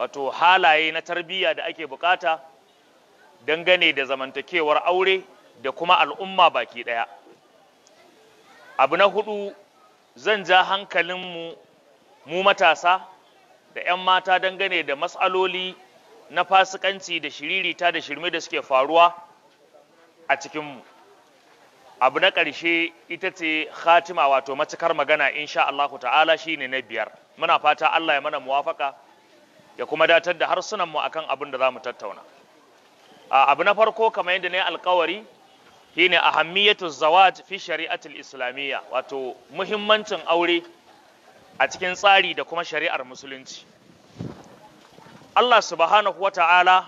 wato halaye na tarbiyya da ake bukata dangane da zamantakewar aure da kuma al'umma baki ɗaya abu na hudu zan ja hankalinmu mu matasa da 'yan mata dangane da matsaloli na fasikanci da shiririta da shirme da suke faruwa a cikinmu abu na ƙarshe ita ce khatima wato macikar magana insha Allahu ta'ala shine na biyar muna fata Allah ya mana muwafaka ya kuma datar da harsunanmu akan abin da za mu tattauna abu na farko kamar yadda na yi alkawari shine ahammiyatu zawaj fi shari'atul islamiyya wato muhimmancin aure a cikin tsari da kuma shari'ar musulunci Allah subhanahu wata'ala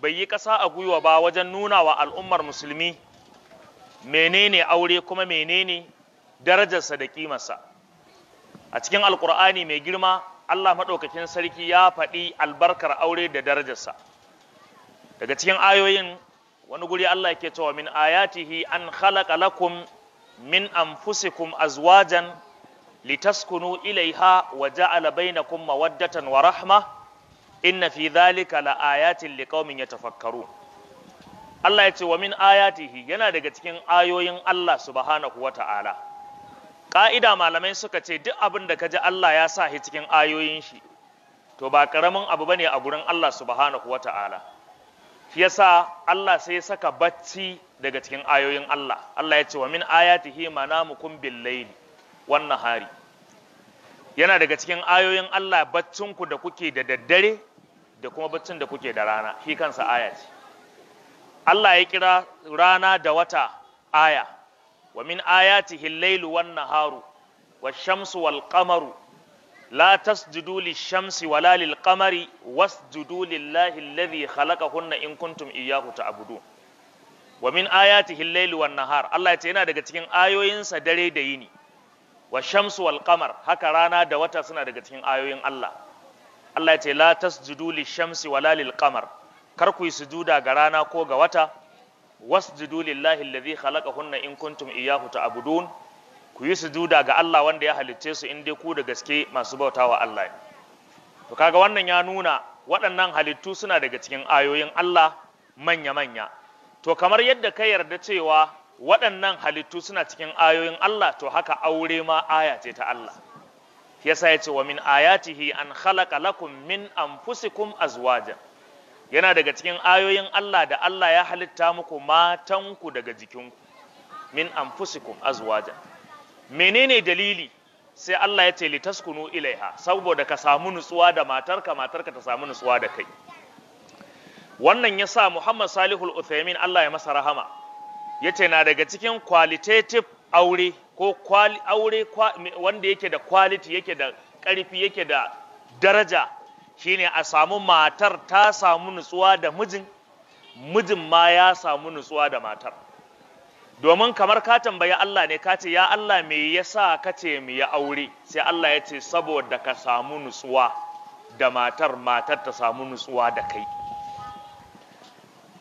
bai yi ƙasa a gwiwa ba wajen nuna wa al'ummar musulmi menene aure kuma menene darajarsa da kimarsa a cikin alkur'ani mai girma Allah maɗaukakin sarki ya faɗi albarkar aure da darajarsa daga cikin ayoyin wani guri Allah yake cewa min ayatihi an khalaqa lakum min anfusikum azwajan litaskunu ilaiha wa ja'ala bainakum mawaddatan wa rahma inna fi dhalika laayatin liqaumin tafakkaru. Allah ya ce wa min ayatihi yana daga cikin ayoyin Allah subhanahu wa ta'ala ƙa'ida malamai suka ce duk abin da ka ji Allah ya sa shi cikin ayoyin shi to ba ƙaramin abu ba ne a gurin Allah subhanahu ta'ala. shi sa Allah sai ya saka bacci daga cikin ayoyin Allah Allah ya ce wa min ayatihi Namu kumbin layli Wannan hari yana daga cikin ayoyin Allah baccinku da kuke da daddare da kuma baccin da kuke da rana shi kansa aya ce Allah ya kira rana da wata aya wa min ayatihi laylu wan-naharu wash-shamsu wal-qamaru لا تسجدوا in ولا للقمر واسجدوا لله الذي خلقهن إن كنتم إياه تعبدون ومن آياته Allah ya ce yana daga cikin ayoyinsa dare da yini wa shamsu wal qamar haka rana da wata suna daga cikin ayoyin Allah Allah ya ce la tasjudu lishamsi wala lil qamar kar ku yi sujuda ga rana ko ga wata wasjudu lillahi allazi khalaqahunna in kuntum iyyahu ta'budun ku yi sujuda ga Allah wanda ya halicce su in dai ku da gaske masu bautawa Allah ne to kaga wannan ya nuna waɗannan halittu suna daga cikin ayoyin Allah manya manya to kamar yadda ka yarda cewa waɗannan halittu suna cikin ayoyin Allah to haka aure ma aya ce ta Allah yasa ya ce wa min ayatihi an khalaqa lakum min anfusikum azwajan yana daga cikin ayoyin Allah da Allah ya halitta muku matanku daga jikinku min anfusikum azwaja menene dalili sai Allah ya ce litaskunu ilaiha saboda ka samu nutsuwa da matarka matarka ta samu nutsuwa da kai wannan ya sa Muhammad Salihul Uthaymin Allah ya masa rahama yace na daga cikin qualitative aure ko aure wanda yake da quality yake da ƙarfi yake da daraja shine a samu matar ta samu nutsuwa da mijin mijin ma ya samu nutsuwa da matar domin kamar ka tambayi Allah ne ka ce ya Allah me yasa ka ce mu ya aure sai Allah ya ce saboda ka samu nutsuwa da matar matar ta samu nutsuwa da kai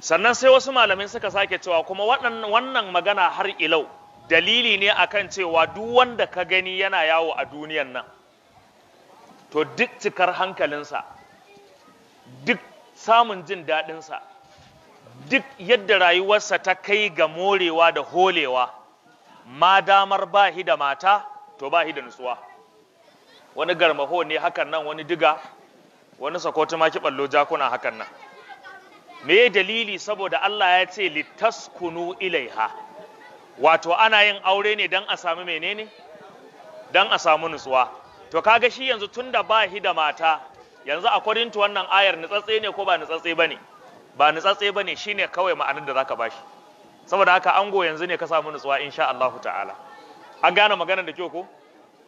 sannan sai wasu malamai suka sake cewa kuma wannan magana har ilau dalili ne akan cewa duk wanda ka gani yana yawo a duniyan nan to duk cikar hankalinsa duk samun jin daɗinsa duk yadda rayuwarsa ta kai ga morewa da holewa ma damar bahi da mata to bahi da nutsuwa wani garmaho ne hakan nan wani diga wani sakwato maki ballo jakuna hakan nan me dalili saboda Allah ya ce litaskunu ilaiha wato ana yin aure ne don a samu menene don a samu nutsuwa to kaga shi yanzu tunda ba shi da mata yanzu a to wannan ayar nutsatse ne ko ba nutsatse ba ne ba nutsatse ba ne shi ne kawai ma'anar da zaka bashi saboda haka ango yanzu ne ka samu nutsuwa insha Allah ta'ala an gane maganar da kyau ko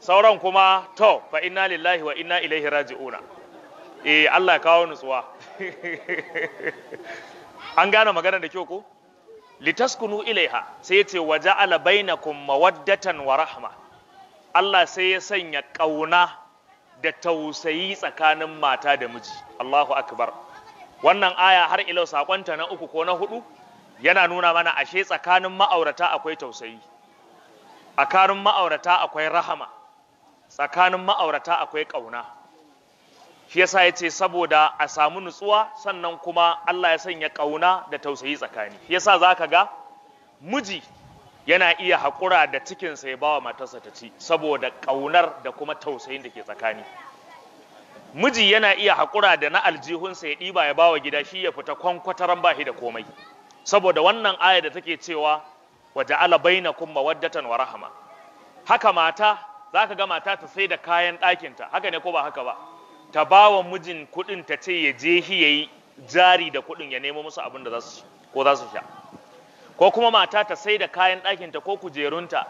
sauran kuma to fa inna lillahi wa inna ilaihi raji'una eh Allah ya kawo nutsuwa an gane maganar da kyau ko litaskunu ilaiha sai ya ce waja'ala bainakum mawaddatan wa rahma Allah sai ya sanya ƙauna da tausayi tsakanin mata da miji Allahu akbar wannan aya har ilau sakonta na uku ko na hudu yana nuna mana ashe tsakanin ma'aurata akwai tausayi tsakanin ma'aurata akwai rahama tsakanin ma'aurata akwai ƙauna shi yasa ya ce saboda a samu nutsuwa sannan kuma Allah ya sanya ƙauna da tausayi tsakani shi yasa za ka ga miji yana iya haƙura da cikinsa ya bawa matarsa ta ci saboda ƙaunar da kuma tausayin da ke tsakani miji yana iya haƙura da na aljihunsa ya ɗiba ya bawa gida shi ya fita kwankwataran bahi da komai saboda wannan aya da take cewa wa ja'ala bainakum mawaddatan wa rahama haka mata zaka ga mata ta sai da kayan ɗakinta haka ne ko ba haka ba ta bawa mijin kuɗin ta ce ya je shi yayi jari da kuɗin ya nemo musu abin da za su ko za su sha ko kuma mata ta sai da kayan ɗakinta ko kujerunta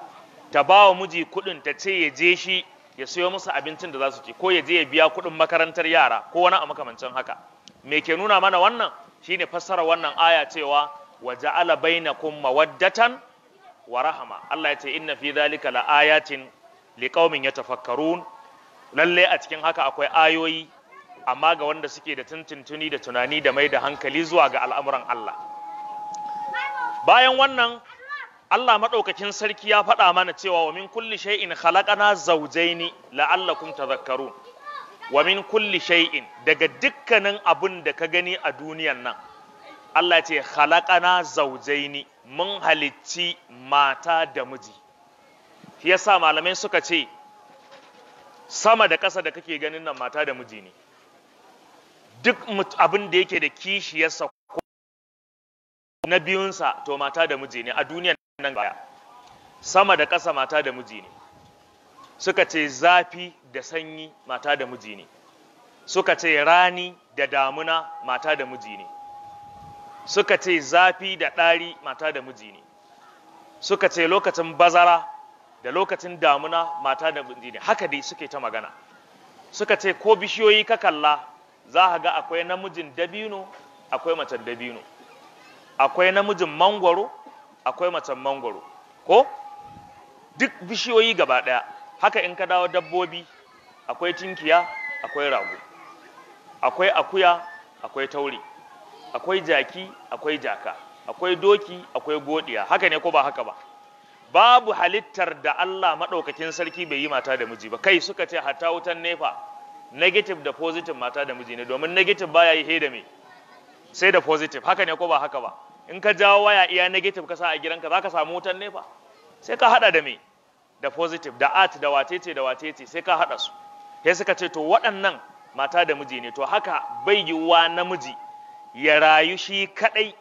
ta ba wa miji kuɗin ta ce ya je shi ya sayo musu abincin da za su ci ko ya je ya biya kuɗin makarantar yara ko wani a makamancin haka me ke nuna mana wannan shine fassara wannan aya cewa wa ja'ala bainakum mawaddatan wa rahama Allah ya ce inna fi dhalika la ayatin liqaumin yatafakkarun lalle a cikin haka akwai ayoyi amma ga wanda suke da tuntuntuni da tunani da mai da hankali zuwa ga al'amuran Allah bayan wannan Allah maɗaukakin sarki ya faɗa mana cewa wa min kulli shay'in khalaqana zawjaini la'allakum tadhakkarun wa min kulli shay'in daga dukkanin abun da ka gani a duniyan nan Allah ce khalaqana zawjaini mun halicci mata da miji shi yasa malamai suka ce sama da ƙasa da kake ganin nan mata da miji ne duk abin da yake da kishiyarsa na biyunsa to mata da miji ne a duniyan nan baya sama da ƙasa mata da miji ne suka ce zafi da sanyi mata da miji ne suka ce rani da damuna mata da miji ne suka ce zafi da ɗari mata da miji ne suka ce lokacin bazara da lokacin damuna mata da miji ne haka dai suke ta magana suka ce ko bishiyoyi ka kalla za ga akwai namijin dabino akwai macen dabino akwai namijin mangwaro akwai macen mangwaro ko duk bishiyoyi gaba ɗaya haka in ka dawo dabbobi akwai tinkiya akwai rago akwai akuya akwai tauri, akwai jaki akwai jaka akwai doki akwai godiya haka ne ko ba haka ba babu halittar da Allah maɗaukakin sarki bai yi mata da miji ba kai suka ce hatta wutan nefa negative da positive mata da miji ne domin negative baya yi he da me sai da positive haka ne ko ba haka ba in ka jawo waya iya negative ka sa a gidanka za ka samu wutan nefa sai ka hada da me da positive da art da watete da watete sai ka hada su sai suka ce to waɗannan mata da miji ne to haka bai yiwuwa namiji ya rayu shi kadai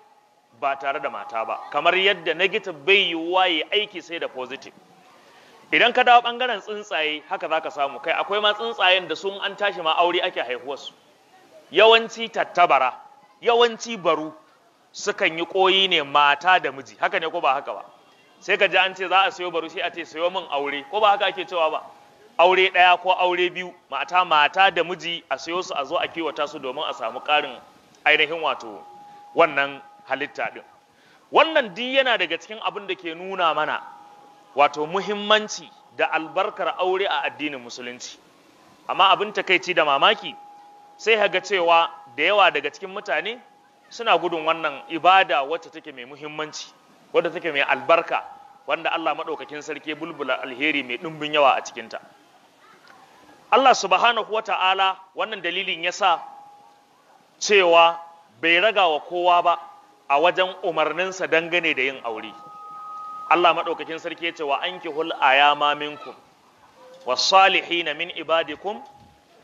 ba tare da mata ba kamar yadda negative bai yiwuwa ya aiki sai da positive idan ka dawo bangaren tsuntsaye haka za ka samu kai akwai ma tsuntsayen da sun an tashi ma aure ake haihuwarsu yawanci tattabara yawanci baru sukan yi koyi ne mata da miji haka ne ko ba haka ba sai ka ji an ce za a sayo barushi a ce sayo min aure ko ba haka ake cewa ba aure ɗaya ko aure biyu mata mata da miji a sayo su a zo a kiwata su domin a samu ƙarin ainihin wato wannan halitta din. wannan di yana daga cikin abin da ke nuna mana wato muhimmanci da albarkar aure a addinin musulunci amma abin takaici da mamaki sai haga cewa da yawa daga cikin mutane suna gudun wannan ibada wacce take mai muhimmanci wadda take mai albarka wanda Allah maɗaukakin sarki bulbula alheri mai ɗumbin yawa a cikinta Allah subhanahu wa ta'ala wannan dalilin ya sa cewa bai raga wa kowa ba a wajen umarninsa dangane da yin aure Allah maɗaukakin sarki ya ce wa an hul ayama minkum wa salihina min ibadikum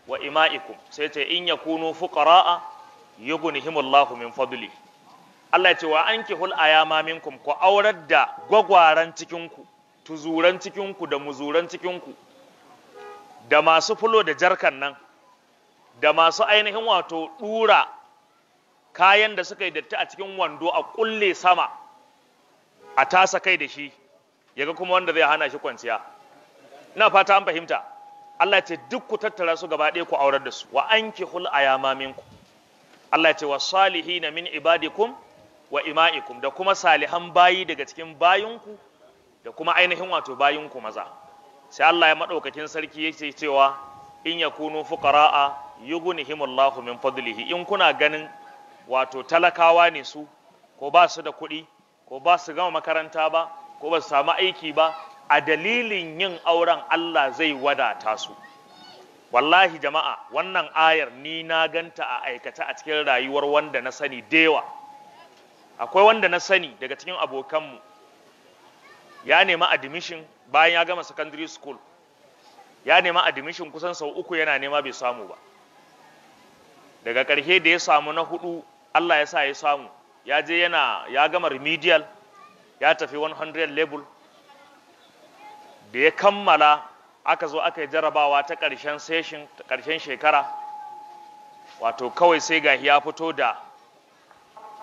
wa ima'ikum sai ce in yakunu fuqara'a yughnihimullahu min fadli Allah ya ce wa ankihul ayama minkum ku aurar da gwagwaran cikin ku tuzuran cikin ku da muzuran cikin ku da masu fulo da jarkan nan da masu ainihin wato dura kayan da suka yi datti a cikin wando a kulle sama a tasa kai da shi yaga kuma wanda zai hana shi kwanciya ina fata an fahimta Allah ce duk ku tattara su gaba ɗaya ku aurar da su wa ankihul ayama minkum Allah ya ce wa salihina min ibadikum wa ima'ikum da kuma salihan bayi daga cikin bayinku da kuma ainihin wato bayinku maza sai Allah ya madaukakin sarki yake cewa in yakunu fuqara'a yughnihimullahu min fadlihi in kuna ganin wato talakawa ne su ko ba su da kuɗi ko ba su gama makaranta ba ko ba su samu aiki ba a dalilin yin auren Allah zai wadata su wallahi jama'a wannan ayar ni na ganta a aikata a cikin rayuwar wanda na sani dewa akwai wanda na sani daga cikin abokanmu ya nema admission bayan ya gama secondary school ya nema admission kusan sau uku yana nema bai samu ba daga karshe da ya samu na hudu Allah ya sa ya samu ya je yana ya gama remedial ya tafi 100 level da ya kammala aka zo aka yi jarabawa ta ƙarshen session ƙarshen shekara wato kawai sai ga ya fito da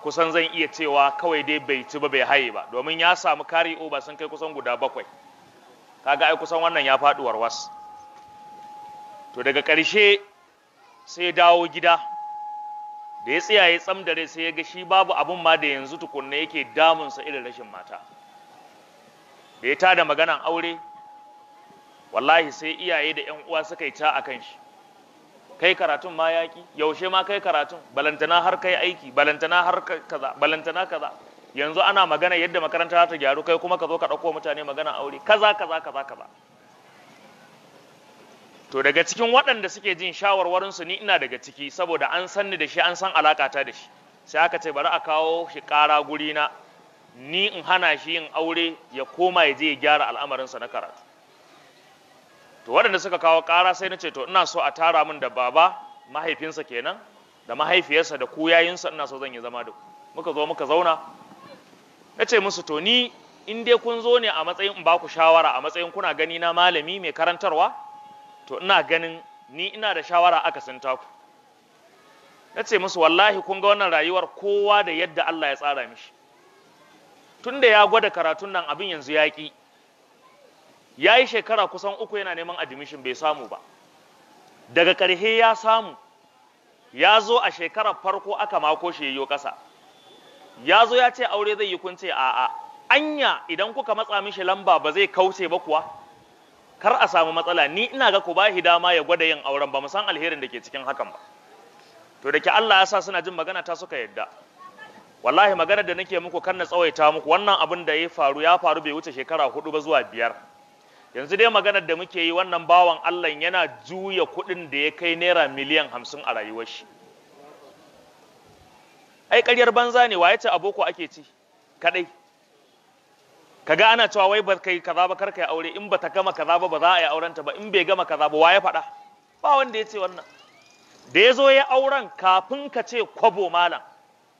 kusan zan iya cewa kawai dai bai ci ba bai haye ba domin ya samu kari oba sun kai kusan guda bakwai kaga ai kusan wannan ya faɗi warwas to daga ƙarshe sai dawo gida da ya tsiyaye tsam rai sai ya ga shi babu abin ma da yanzu tukunna yake damunsa irin rashin mata da ya tada maganan aure wallahi sai iyaye da yan uwa suka yi ta akan shi kai karatun ma yaki yaushe ma kai karatun balantana har kai aiki balantana har kaza balantana kaza yanzu ana magana yadda makaranta za ta gyaru kai kuma ka zo ka ɗauko mutane magana aure kaza kaza kaza kaza to daga cikin waɗanda suke jin shawarwarinsu ni ina daga ciki saboda an san ni da shi an san alakata da shi sai aka ce bari a kawo shi ƙara guri na ni in hana shi yin aure ya koma ya je ya gyara al'amarinsa na karatu to waɗanda suka kawo ƙara sai na ce to ina so a tara min da baba mahaifinsa kenan da mahaifiyarsa da ku yayinsa ina so zan yi zama da ku muka zo muka zauna na ce musu to ni in dai kun zo ne a matsayin in ba ku shawara a matsayin kuna gani na malami mai karantarwa to ina ganin ni ina da shawara akasin taku na ce musu wallahi kun ga wannan rayuwar kowa da yadda Allah ya tsara mishi tun da ya gwada karatun nan abin yanzu ya ƙi ya yi shekara kusan uku yana neman admission bai samu ba daga ƙarhe ya samu ya zo a shekarar farko aka mako shi yiwo ƙasa ya zo ya ce aure zai yi kunce a anya idan kuka matsa mishi lamba ba zai kauce ba kuwa kar a samu matsala ni ina ga ku shi dama ya gwada yin auren ba mu san alherin da ke cikin hakan ba to da ke Allah ya sa suna jin magana ta suka yadda wallahi maganar da nake muku kan na tsawaita muku wannan abin da ya faru ya faru bai wuce shekara hudu ba zuwa biyar yanzu dai maganar da muke yi wannan bawan Allah yana juya kuɗin da ya kai naira miliyan hamsin a rayuwar shi ai ƙaryar banza ne waye ce aboko ake ci kaɗai kaga ana cewa wai ba kai kaza ba karka aure in ba ta gama kaza ba ba za a yi aurenta ba in bai gama kaza ba waye faɗa ba wanda ya ce wannan da ya zo ya auren kafin ka ce kwabo malam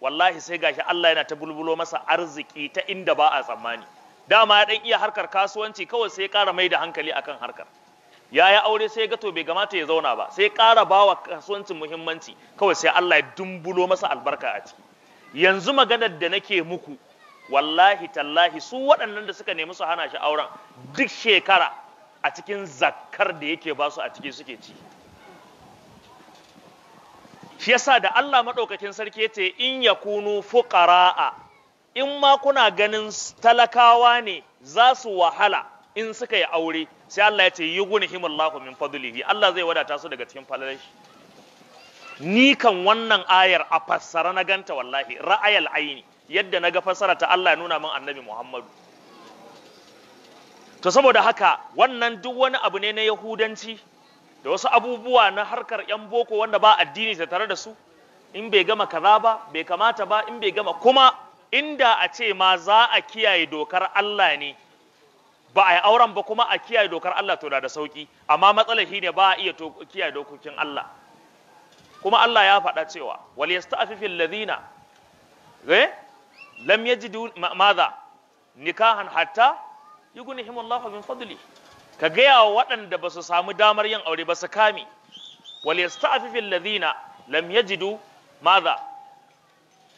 wallahi sai gashi Allah yana ta bulbulo masa arziki ta inda ba a tsammani dama ya dan iya harkar kasuwanci kawai sai ƙara mai da hankali akan harkar ya yi aure sai ga to bai gamata ya zauna ba sai ya ƙara bawa kasuwancin muhimmanci kawai sai Allah ya dumbulo masa albarka a ciki yanzu maganar da nake muku wallahi tallahi su waɗannan da suka nemi su hana shi auren duk shekara a cikin zakkar da yake ba su a ciki suke ci shi yasa da Allah maɗaukakin sarki ya ce in yakunu fuqara'a in ma kuna ganin talakawa ne za su wahala in suka yi aure sai Allah ya ce yi guni Allahu min fadlihi Allah zai wadata su daga cikin falalar shi ni kan wannan ayar a fassara na ganta wallahi ra'ayal aini yadda na ga fassara ta Allah ya nuna min annabi Muhammadu to saboda haka wannan duk wani abu ne na yahudanci da wasu abubuwa na harkar yan boko wanda ba addini ta tare da su in bai gama kaza ba bai kamata ba in bai gama kuma inda a ce ma za a kiyaye dokar Allah ne ba a yi auren ba kuma a kiyaye dokar Allah to da da sauki amma matsalar shi ne ba a iya kiyaye dokokin Allah kuma Allah ya faɗa cewa wal yasta'fifil ladina eh lam yajidu maza nikahan hatta yughnihimullahu min fadli ka gaya wa waɗanda ba su samu damar yin aure ba su kame wal yasta'fifil ladina lam yajidu maza.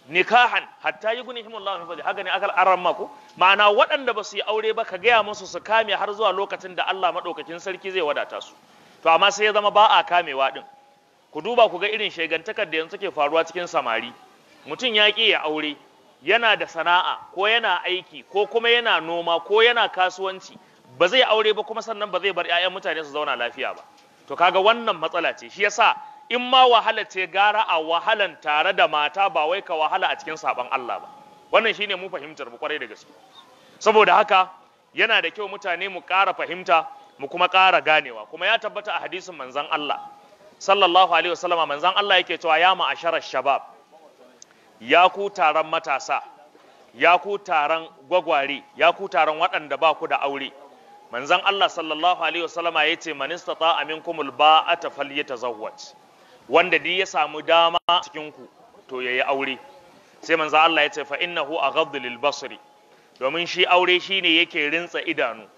nikahan hatta yi guni himun lawan fadli haka ne aka aran mako ma'ana waɗanda ba su yi aure ba ka gaya musu su kame har zuwa lokacin da Allah maɗaukakin sarki zai wadata su to amma sai ya zama ba a kamewa ɗin ku duba ku ga irin shegantakar da yanzu ke faruwa cikin samari mutum ya ƙi ya aure yana da sana'a ko yana aiki ko kuma yana noma ko yana kasuwanci ba zai aure ba kuma sannan ba zai bar 'ya'yan mutane su zauna lafiya ba to kaga wannan matsala ce shi yasa in ma wahala ce gara a wahalan tare da mata ba wai ka wahala a cikin saban Allah ba wannan shine mu fahimtar mu kwarai da gaske saboda haka yana da kyau mutane mu ƙara fahimta mu kuma ƙara ganewa kuma ya tabbata a hadisin manzon Allah sallallahu alaihi wasallama manzon Allah yake cewa ya ma asharar shabab ya ku taron matasa ya ku taron gwagware ya ku taron waɗanda ba ku da aure manzon Allah sallallahu alaihi wasallama yace man istata minkumul ba'ata falyatazawwaj wanda duk ya samu dama cikin ku to yayi aure sai manzo Allah ya ce fa innahu aghaddu lil basri domin shi aure shine yake rintsa idanu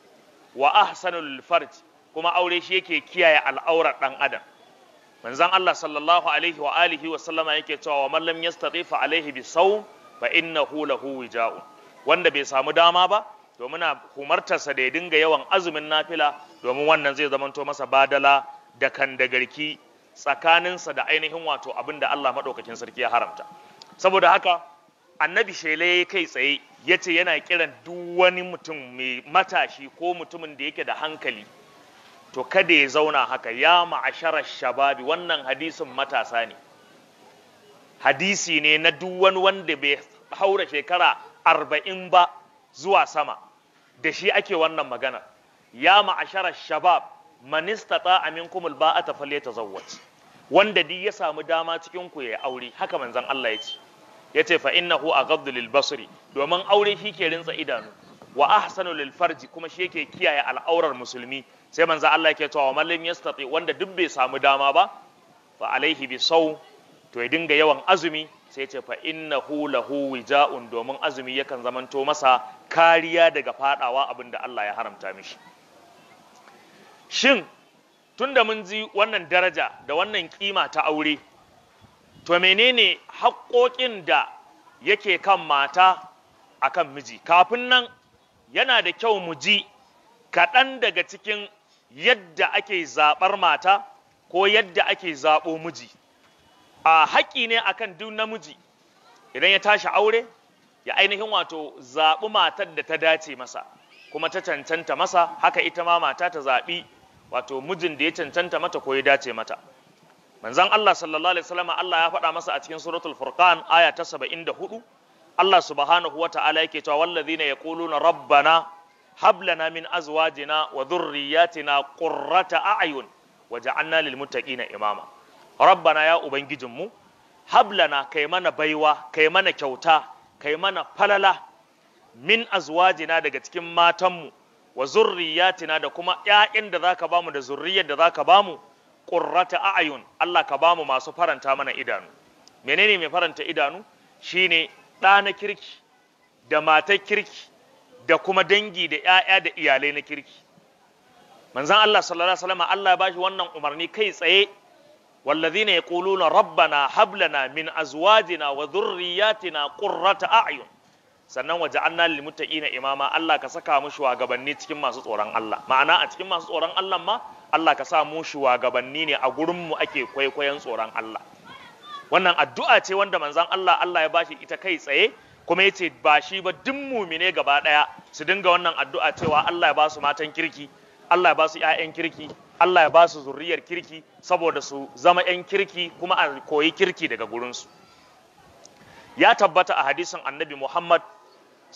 wa ahsanul farj kuma aure shi yake kiyaye al'aurar dan adam manzon Allah sallallahu alaihi wa alihi wa sallama yake cewa wa man lam yastati alaihi bi saw fa innahu lahu wija'un wanda bai samu dama ba to muna humartarsa da ya dinga yawan azumin nafila domin wannan zai zamanto masa badala da kan kandagarki tsakaninsa da ainihin wato abin da Allah maɗaukakin sarki ya haramta saboda haka annabi shele kai tsaye ya ce yana kiran duk mutum mai matashi ko mutumin da yake da hankali to kada ya zauna haka ya ma'asharar shababi wannan hadisin matasa ne hadisi ne na duk wani wanda bai haura shekara arba'in ba zuwa sama da shi ake wannan magana ya ma'asharar shabab Kumul ba a minkum ta falyatazawwaj wanda duk ya samu dama cikin ku ya aure haka manzan Allah ya ce Ya ce fa innahu aghaddu lil basri domin aure shi ke rinsa idanu wa ahsanu lil farji kuma shi yake kiyaye al'aurar musulmi sai manzan Allah ke cewa man lam yastati wanda duk bai samu dama ba fa alaihi bi sau. to ya dinga yawan azumi sai ya ce fa hu lahu wija'un domin azumi yakan zamanto masa kariya daga fadawa abinda Allah ya haramta mishi shin tun da mun ji wannan daraja da wannan kima ta aure to menene haƙoƙin da yake kan mata a kan miji kafin nan yana da kyau mu ji kaɗan daga cikin yadda ake zaɓar mata ko yadda ake zaɓo miji a haƙƙi ne akan duk namiji idan ya tashi aure ya ainihin wato zaɓi matar da ta dace masa kuma ta cancanta masa haka ita ma mata ta zaɓi wato mijin da ya cancanta mata ko ya dace mata manzon Allah sallallahu alaihi wasallam Allah ya faɗa masa a cikin suratul furqan aya ta 74 Allah subhanahu wa ta'ala yake cewa wallazina yaquluna rabbana hab lana min azwajina wa dhurriyyatina qurrata a'yun waj'alna lil muttaqina imama rabbana ya ubangijinmu hab lana kai mana baiwa kai mana kyauta kai mana falala min azwajina daga cikin matanmu wa zurriyatina da kuma ƴaƴan da zaka bamu da zurriyar da zaka bamu qurrata a'yun Allah ka bamu masu faranta mana idanu menene mai faranta idanu shine ɗa na kirki da matar kirki da kuma dangi da ƴaƴa da iyalai na kirki manzon Allah sallallahu alaihi wasallam Allah ya bashi wannan umarni kai tsaye والذين na rabbana hablana min azwajina ازواجنا وذرياتنا قرة اعين sannan waje anna lil na imama Allah ka saka mu shugabanni cikin masu tsoron Allah ma'ana a cikin masu tsoron Allah ma Allah ka sa mu shugabanni ne a gurin mu ake kwaikwayon tsoron Allah wannan addu'a ce wanda manzon Allah Allah ya bashi ita kai tsaye kuma ya ce ba shi ba duk mumine gaba ɗaya su dinga wannan addu'a cewa Allah ya ba su matan kirki Allah ya ba su ‘ya'yan kirki Allah ya ba su zurriyar kirki saboda su zama ‘yan kirki kuma a koyi kirki daga gurinsu ya tabbata a hadisin annabi Muhammad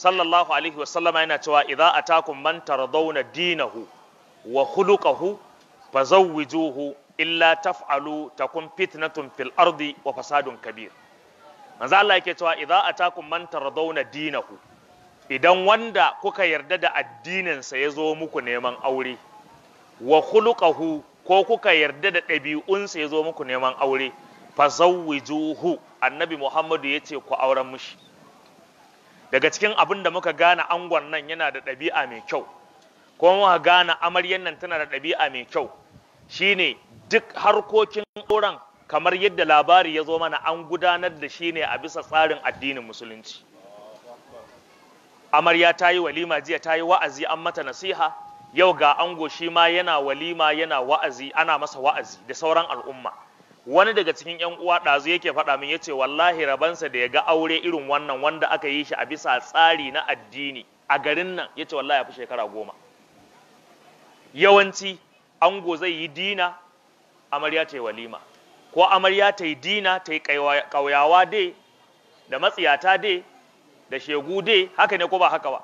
sallallahu alaihi wasallam yana cewa idza atakum man tardawna dinahu wa khuluquhu fazawwijuhu illa taf'alu takun fitnatun fil ardi wa fasadun kabir manzo Allah yake cewa idza atakum man tardawna dinahu idan wanda kuka yarda da addininsa ya zo muku neman aure wa khuluquhu ko kuka yarda da ɗabi'unsa ya zo muku neman aure fazawwijuhu annabi Muhammadu yace ku auren mushi daga cikin abin da muka gane angon nan yana da ɗabi'a mai kyau kuma muka gane amaryan nan tana da ɗabi'a mai kyau shine duk harkokin auren kamar yadda labari ya zo mana an gudanar da shi ne a bisa tsarin addinin musulunci amarya ta yi walima jiya ta yi wa'azi an mata nasiha yau ga ango shi ma yana walima yana wa'azi ana masa wa'azi da sauran al'umma wani daga cikin yan uwa ɗazu yake faɗa min yace wallahi rabansa da ya ga aure irin wannan wanda aka yi shi a bisa tsari na addini a garin nan yace wallahi ya fi shekara goma yawanci ango zai yi dina amarya ta yi walima ko amarya ta yi dina ta yi ƙauyawa dai da matsiyata dai da shegu dai haka ne ko ba haka ba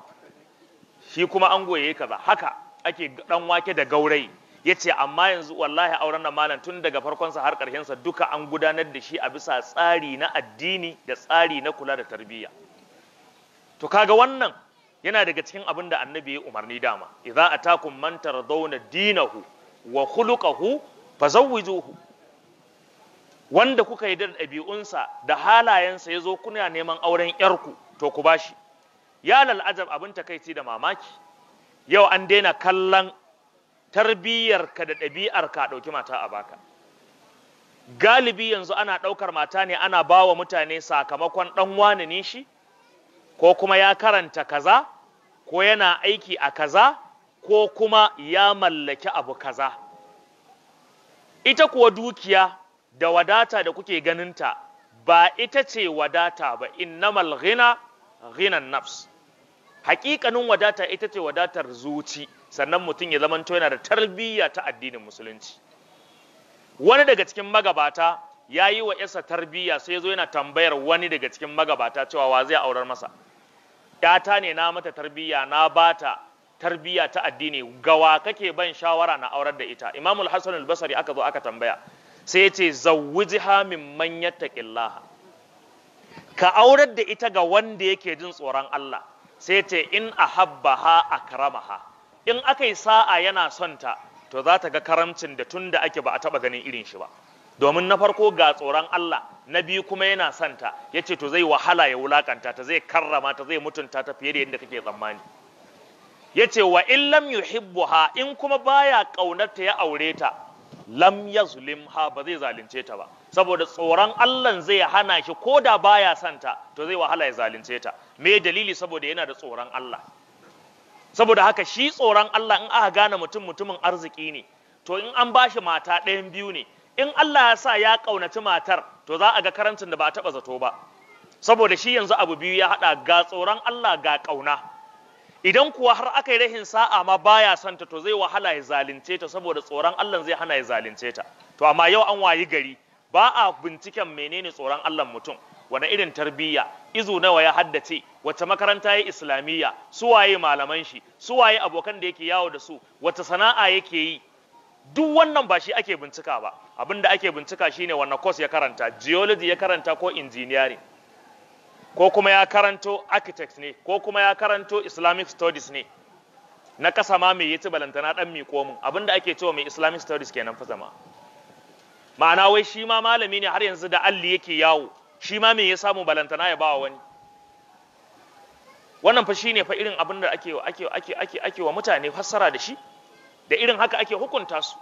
shi kuma ango ya yi kaza haka ake ɗan wake da gaurayi ya ce amma yanzu wallahi auren na malam tun daga farkonsa har ƙarshensa duka an gudanar da shi a bisa tsari na addini da tsari na kula da tarbiyya to kaga wannan yana daga cikin abin da annabi ya umarni dama idza atakum man tardawna dinahu wa khuluquhu fazawwijuhu wanda kuka yi da ɗabi'unsa da halayensa ya zo kuna neman auren yarku to ku bashi ya lal'ajab abin takaici da mamaki yau an daina kallon tarbiyyarka da ɗabi'arka a ɗauki mata a baka galibi yanzu ana ɗaukar mata ne ana ba wa mutane sakamakon ɗan wani ne shi ko kuma ya karanta kaza ko yana aiki a kaza ko kuma ya mallaki abu kaza ita kuwa dukiya da wadata da kuke ganinta ba ita ce wadata ba innamal ghina ghinan nafs haƙiƙanin wadata ita ce wadatar zuci sannan mutum ya zamanto yana da tarbiyya ta addinin musulunci wani daga cikin magabata ya yi wa yasa tarbiyya sai ya zo yana tambayar wani daga cikin magabata cewa wa zai aurar masa ‘yata ne na mata tarbiyya na bata tarbiyya ta addini gawa kake ban shawara na aurar da ita imamul hassan albasari aka zo aka tambaya sai ya ce zawwijiha min man yattaqillaha ka aurar da ita ga wanda yake jin tsoron Allah sai ce in ahabbaha akramaha in aka yi sa'a yana son ta to za ta ga karamcin da tun da ake ba a taba ganin irin shi ba domin na farko ga tsoron Allah na biyu kuma yana son ta ya ce to zai wahala ya wulakanta ta zai karrama ta zai mutunta ta fiye da yadda kake tsammani ya ce wa in lam yuhibbuha in kuma baya kaunar ta ya aure ta lam ya ha ba zai zalunce ta ba saboda tsoron Allah zai hana shi ko da baya son ta to zai wahala ya zalunce ta me dalili saboda yana da tsoron Allah saboda haka shi tsoron Allah in aka gane mutum mutumin arziki ne to in an bashi mata ɗayan biyu ne in Allah ya sa ya ƙaunaci matar to za a ga karancin da ba taɓa zato ba saboda shi yanzu abu biyu ya haɗa ga tsoron Allah ga ƙauna idan kuwa har aka yi rahin sa'a ma baya son to zai wahala ya zalunce ta saboda tsoron Allah zai hana ya zalunce ta to amma yau an wayi gari ba a binciken menene tsoron Allah mutum wani irin tarbiyya izu nawa ya haddace wace makaranta ya islamiyya suwaye malaman shi suwaye abokan da yake yawo da su wace sana'a yake yi duk wannan ba shi ake bincika ba abinda ake bincika shine wanne course ya karanta geology ya karanta ko engineering ko kuma ya karanto architect ne ko kuma ya karanto islamic studies ne na kasa ma mai yace balantana dan mi komin abin da ake cewa mai islamic studies kenan fa zama ma'ana wai shi ma malami ne har yanzu da alli yake yawo shi ma me ya samu balantana ya ba wani wannan fa shine fa irin abin da ake ake ake ake ake wa mutane fassara da shi da irin haka ake hukunta su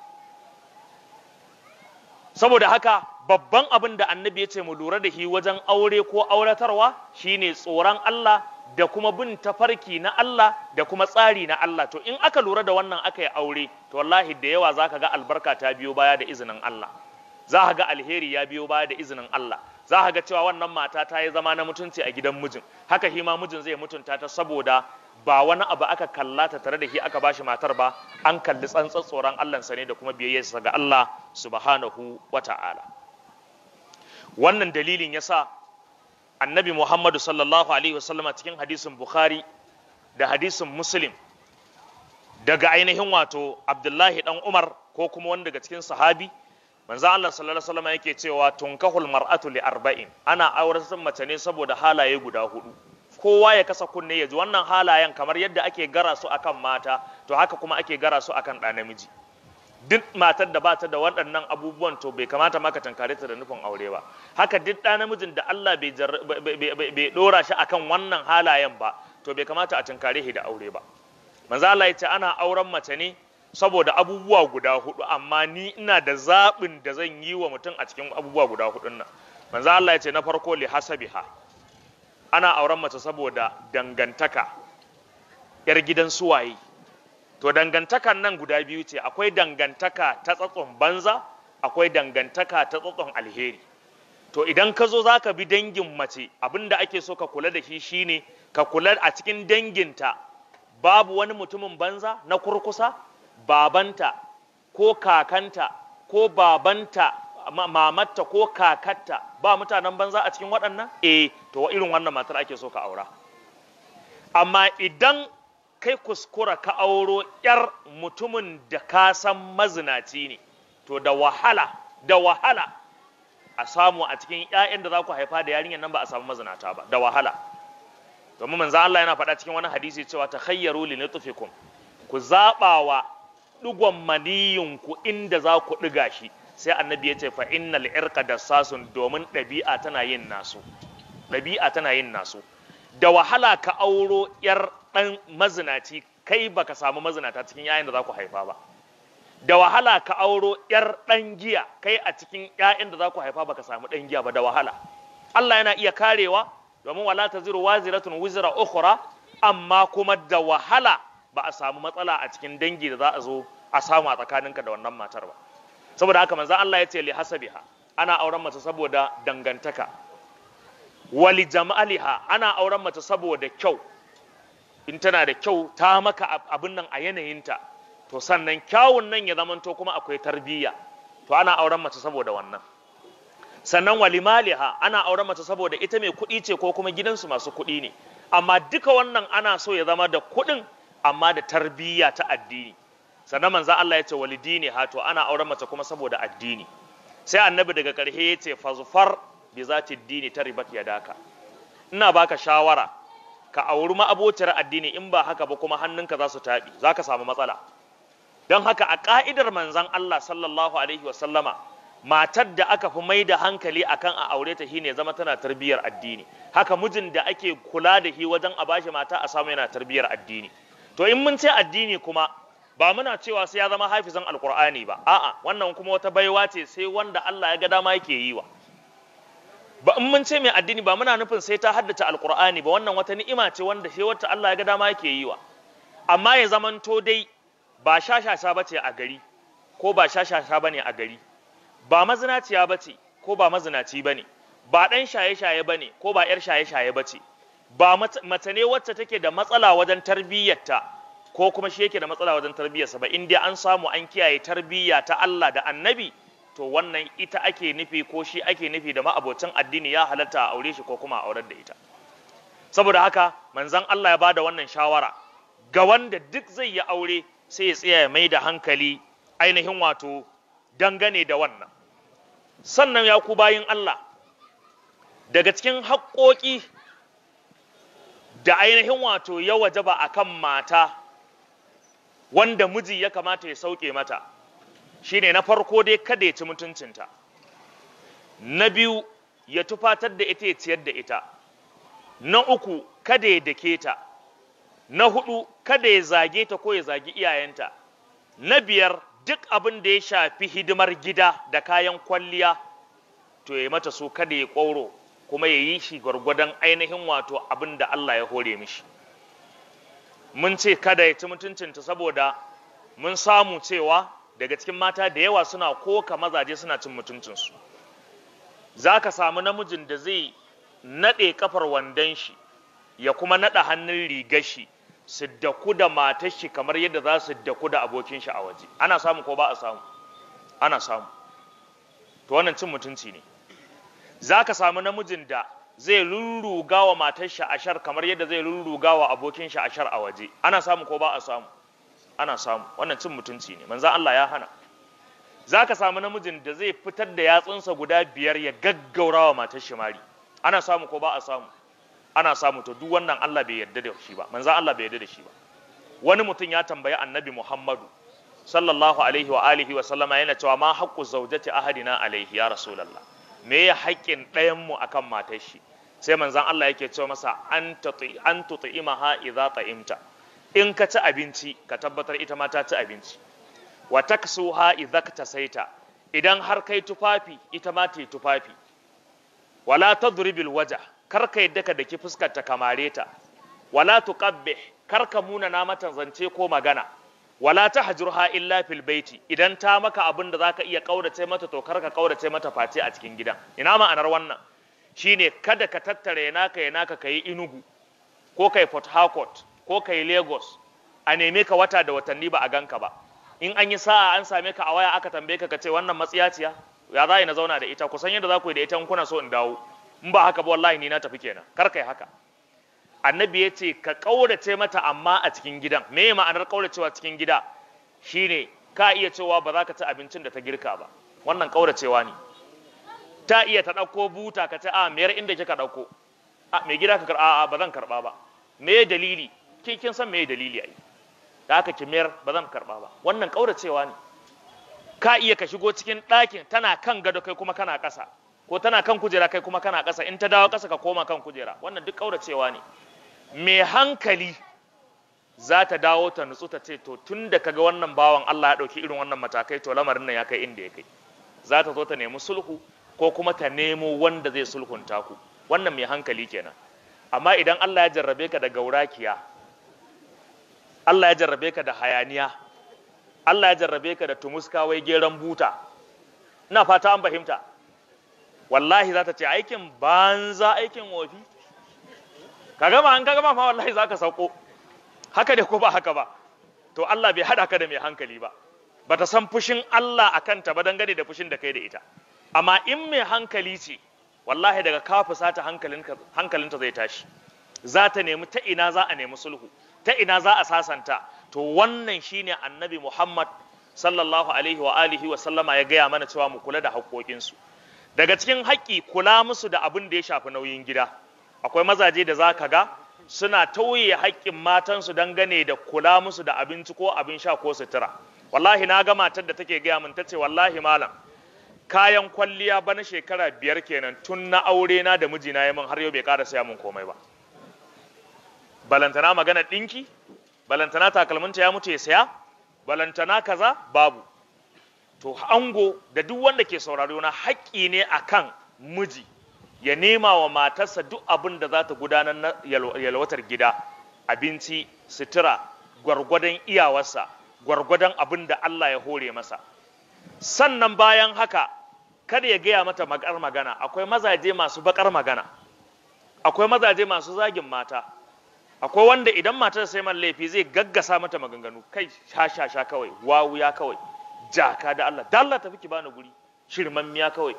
saboda haka babban abin da annabi ya ce mu lura da shi wajen aure ko auratarwa shine tsoron Allah da kuma bin tafarki na Allah da kuma tsari na Allah to in aka lura da wannan aka yi aure to wallahi da yawa zaka ga albarka ta biyo baya da izinin Allah za ka ga alheri ya biyo baya da izinin Allah za ka ga cewa wannan mata ta yi zama na mutunci a gidan mijin haka hima mijin zai mutunta ta saboda ba wani abu aka kalla ta tare da shi aka bashi matar ba an kalli tsantsan tsoron Allah sa ne da kuma biyayyarsa ga Allah subhanahu wata'ala wannan dalilin yasa annabi Muhammadu sallallahu alaihi wasallama cikin hadisin Bukhari da hadisin Muslim daga ainihin wato Abdullahi dan Umar ko kuma wani daga cikin sahabi manzo Allah sallallahu alaihi wasallam yake cewa tunkahul mar'atu li arba'in ana auren mace ne saboda halaye guda hudu kowa ya kasa kunne ya ji wannan halayen kamar yadda ake gara su akan mata to haka kuma ake gara su akan ɗa namiji duk matar da bata da waɗannan abubuwan to bai kamata maka tankare ta da nufin aure ba haka duk ɗa namijin da Allah bai ɗora shi akan wannan halayen ba to bai kamata a tankare shi da aure ba manzo Allah ya ce ana auren mace ne saboda abubuwa guda hudu amma ni ina da zaɓin da zan yi wa mutum a cikin abubuwa guda hudun nan manzo Allah ya ce na farko li hasabiha ana auren mace saboda dangantaka yar gidan suwaye to dangantakan nan guda biyu ce akwai dangantaka ta tsatson banza akwai dangantaka ta tsatson alheri to idan ka zo zaka bi dangin mace abinda ake so ka kula da shi shine ka kula a cikin danginta babu wani mutumin banza na kurkusa babanta ko kakanta ko babanta mamatta ko kakatta ba mutanen banza a cikin waɗannan eh to wa irin wannan matar ake so ka aura amma idan kai kuskura ka auro yar mutumin da ka san mazinaci ne to da wahala da wahala a samu a cikin 'ya'yan da za ku haifa da yarinyar nan ba a samu mazinata ba da wahala domin manzo Allah yana faɗa cikin wani hadisi cewa takhayyaru li nutfikum ku zaɓawa ɗigon maniyinku inda za ku ɗiga shi sai annabi ya ce fa irka irqa sasun domin ɗabi'a tana yin nasu ɗabi'a tana yin nasu da wahala ka auro yar ɗan mazinaci kai baka samu mazinata cikin yayin da za ku haifa ba da wahala ka auro yar ɗan giya kai a cikin yayin da za ku haifa baka samu ɗan giya ba da wahala Allah yana iya karewa domin wala taziru waziratun wizra ukhra amma kuma da wahala ba a samu matsala a cikin dangi da za a zo a samu a tsakaninka da wannan matar ba saboda haka manzo Allah ya ce li hasabiha ana auren mace saboda dangantaka wali jama'aliha ana auren mace saboda kyau in tana da kyau ta maka abin nan a yanayinta to sannan kyawun nan ya zamanto kuma akwai tarbiyya to ana auren mace saboda wannan sannan wali maliha ana auren mace saboda ita mai kuɗi ce ko kuma gidansu masu kuɗi ne amma duka wannan ana so ya zama da kuɗin amma da tarbiyya ta addini sannan manzo Allah ya ce walidini ha to ana auren mace kuma saboda addini sai annabi daga karshe ya ce fazfar bi zati dini taribat yadaka ina baka shawara ka auri ma'abociyar addini in ba haka ba kuma hannunka za su tabi za ka samu matsala don haka a ka'idar manzan Allah sallallahu alaihi wasallama matar da aka fi mai da hankali akan a aure ta shine zama tana tarbiyyar addini haka mijin da ake kula da shi wajen a bashi mata a samu yana tarbiyyar addini to in mun ce addini kuma ba muna cewa sai ya zama hafizan alkur'ani ba a'a wannan kuma wata baiwa ce sai wanda Allah ya ga dama yake yi wa ba in mun ce mai addini ba muna nufin sai ta haddace alkur'ani ba wannan wata ni'ima ce wanda sai wata Allah ya ga dama yake yi wa amma ya zamanto dai ba shashasha ba ce a gari ko ba shashasha ba a gari ba mazinaciya ba ko ba mazinaci ba ba ɗan shaye-shaye ba ko ba ‘yar shaye-shaye bace. ba mace ne wacce take da matsala wajen tarbiyyarta ko kuma shi yake da matsala wajen tarbiyyarsa ba in dai an samu an kiyaye tarbiyya ta Allah da annabi to wannan ita ake nufi ko shi ake nufi da ma'abocin addini ya halatta a aure shi ko kuma a aurar da ita saboda haka manzon Allah ya bada wannan shawara ga wanda duk zai yi aure sai ya tsaya ya mai da hankali ainihin wato dangane da wannan sannan ya ku bayin Allah daga cikin haƙoƙi da ainihin wato ya wajaba kan mata wanda miji ya kamata ya sauke mata shine na farko dai kada ya ci mutuncinta na biyu ya tufatar da ita ya ciyar da ita na uku kada ya dake ta na hudu kada ya zage ta ko ya zagi iyayenta na biyar duk abin da ya shafi hidimar gida da kayan kwalliya to ya yi mata su kada ya kwauro kuma ya yi shi gwargwadon ainihin wato abin da Allah ya hore mishi mun ce kada ya ci mutuncinta saboda mun samu cewa daga cikin mata da yawa suna ko ka mazaje suna cin mutuncinsu za ka samu namijin da zai naɗe kafar wandon shi ya kuma naɗa hannun rigar shi su daku da matar shi kamar yadda za su daku da abokin shi a waje ana samu ko ba a samu ana samu to wannan cin mutunci ne za ka samu namijin da zai rurruga wa matar shi ashar kamar yadda zai rurruga wa abokin shi a waje ana samu ko ba a samu ana samu wannan cin mutunci ne manzo Allah ya hana zaka samu namijin da zai fitar da yatsunsa guda biyar ya gaggaurawa matar shi mari ana samu ko ba a samu ana samu to duk wannan Allah bai yarda da shi ba manzo Allah bai yarda da shi ba wani mutum ya tambayi annabi Muhammadu sallallahu alaihi wa alihi wa sallama yana cewa ma haqqu zawjati ahadina alaihi ya rasulullah me ya haƙƙin ɗayanmu mu akan matar shi sai manzon Allah yake ce masa an tuti an tutimaha ta imta in ka ci abinci ka tabbatar ita ma ta ci abinci wa ta sai tasaita idan har kai tufafi ita ma ta yi tufafi wala ta tadribil waja kar ka yadda ka daki fuskar ta kamare ta wala tuqabbih kar ka muna na matan zance ko magana wala ta hajurha illa fil baiti idan ta maka abin da zaka iya kaurace mata to kar ka kaurace mata face a cikin gidan ina ma'anar wannan shine kada ka tattare yanaka yana ka kai inugu ko kai Port Harcourt ko kai Lagos a neme ka wata da watanni ba a ganka ba in an yi sa'a an same ka a waya aka tambaye ka kace wannan matsiyaciya ya za na zauna da ita kusan yadda za ku yi da ita in kuna so in dawo in ba haka ba wallahi ni na tafi kenan kar kai haka annabi ya ce ka ƙaurace mata amma a cikin gidan me ma'anar ƙauracewa cikin gida shine ka iya cewa ba za ka ci abincin da ta girka ba wannan ƙauracewa ne ta iya ta ɗauko buta ka ce a mayar inda kika ɗauko a mai gida ka karɓa a ba zan karɓa ba me dalili kin kin san me dalili ai da aka ki mayar ba zan karɓa ba wannan ƙauracewa ne ka iya ka shigo cikin ɗakin tana kan gado kai kuma kana ƙasa ko tana kan kujera kai kuma kana ƙasa in ta dawo ƙasa ka koma kan kujera wannan duk ƙauracewa ne mai hankali za ta dawo ta nutsu ta ce to tun da kaga wannan bawan Allah ya ɗauki irin wannan matakai to lamarin nan ya kai inda ya kai za ta zo ta nemi sulhu ko kuma ta nemo wanda zai sulhunta ku wannan mai hankali kenan amma idan Allah ya jarrabe ka da gaurakiya Allah ya jarrabe ka da hayaniya Allah ya jarrabe ka da tumuska wai geran buta ina fata an fahimta wallahi za ta ce aikin banza aikin wofi ka gama an ka gama ma wallahi zaka sauko haka ne ko ba haka ba to Allah bai hada ka da mai hankali ba bata san fushin Allah a kanta ba dangane da fushin da kai da ita amma in mai hankali ce wallahi daga ka fusata hankalinta zai tashi za ta nemi ta ina za a nemi sulhu ta ina za a sasanta to wannan shine annabi Muhammad sallallahu alaihi wa alihi wa sallama ya gaya mana cewa mu kula da su daga cikin haƙƙi kula musu da abin da ya shafi nauyin gida akwai mazaje da za ka ga suna tauye haƙƙin matansu dangane da kula musu da abinci ko abin sha ko sutura wallahi na ga matar da take gaya min ta ce wallahi malam kayan kwalliya bana shekara biyar kenan tun na aure na da mijina ya min har yau bai ƙara saya min komai ba balantana magana ɗinki balantana takalminta ya mutu ya saya balantana kaza babu to ango da duk wanda ke sauraro na haƙƙi ne akan miji ya nema wa matarsa duk abin da za ta gudanar na yalwatar gida abinci sutura gwargwadon iyawarsa gwargwadon abin da Allah ya hore masa sannan bayan haka kada ya gaya mata bakar magana akwai mazaje masu bakar magana akwai mazaje masu zagin mata akwai wanda idan matar sai man laifi zai gaggasa mata maganganu kai shashasha kawai wawuya kawai jaka da Allah da Allah tafi ki bani guri shirmammiya kawai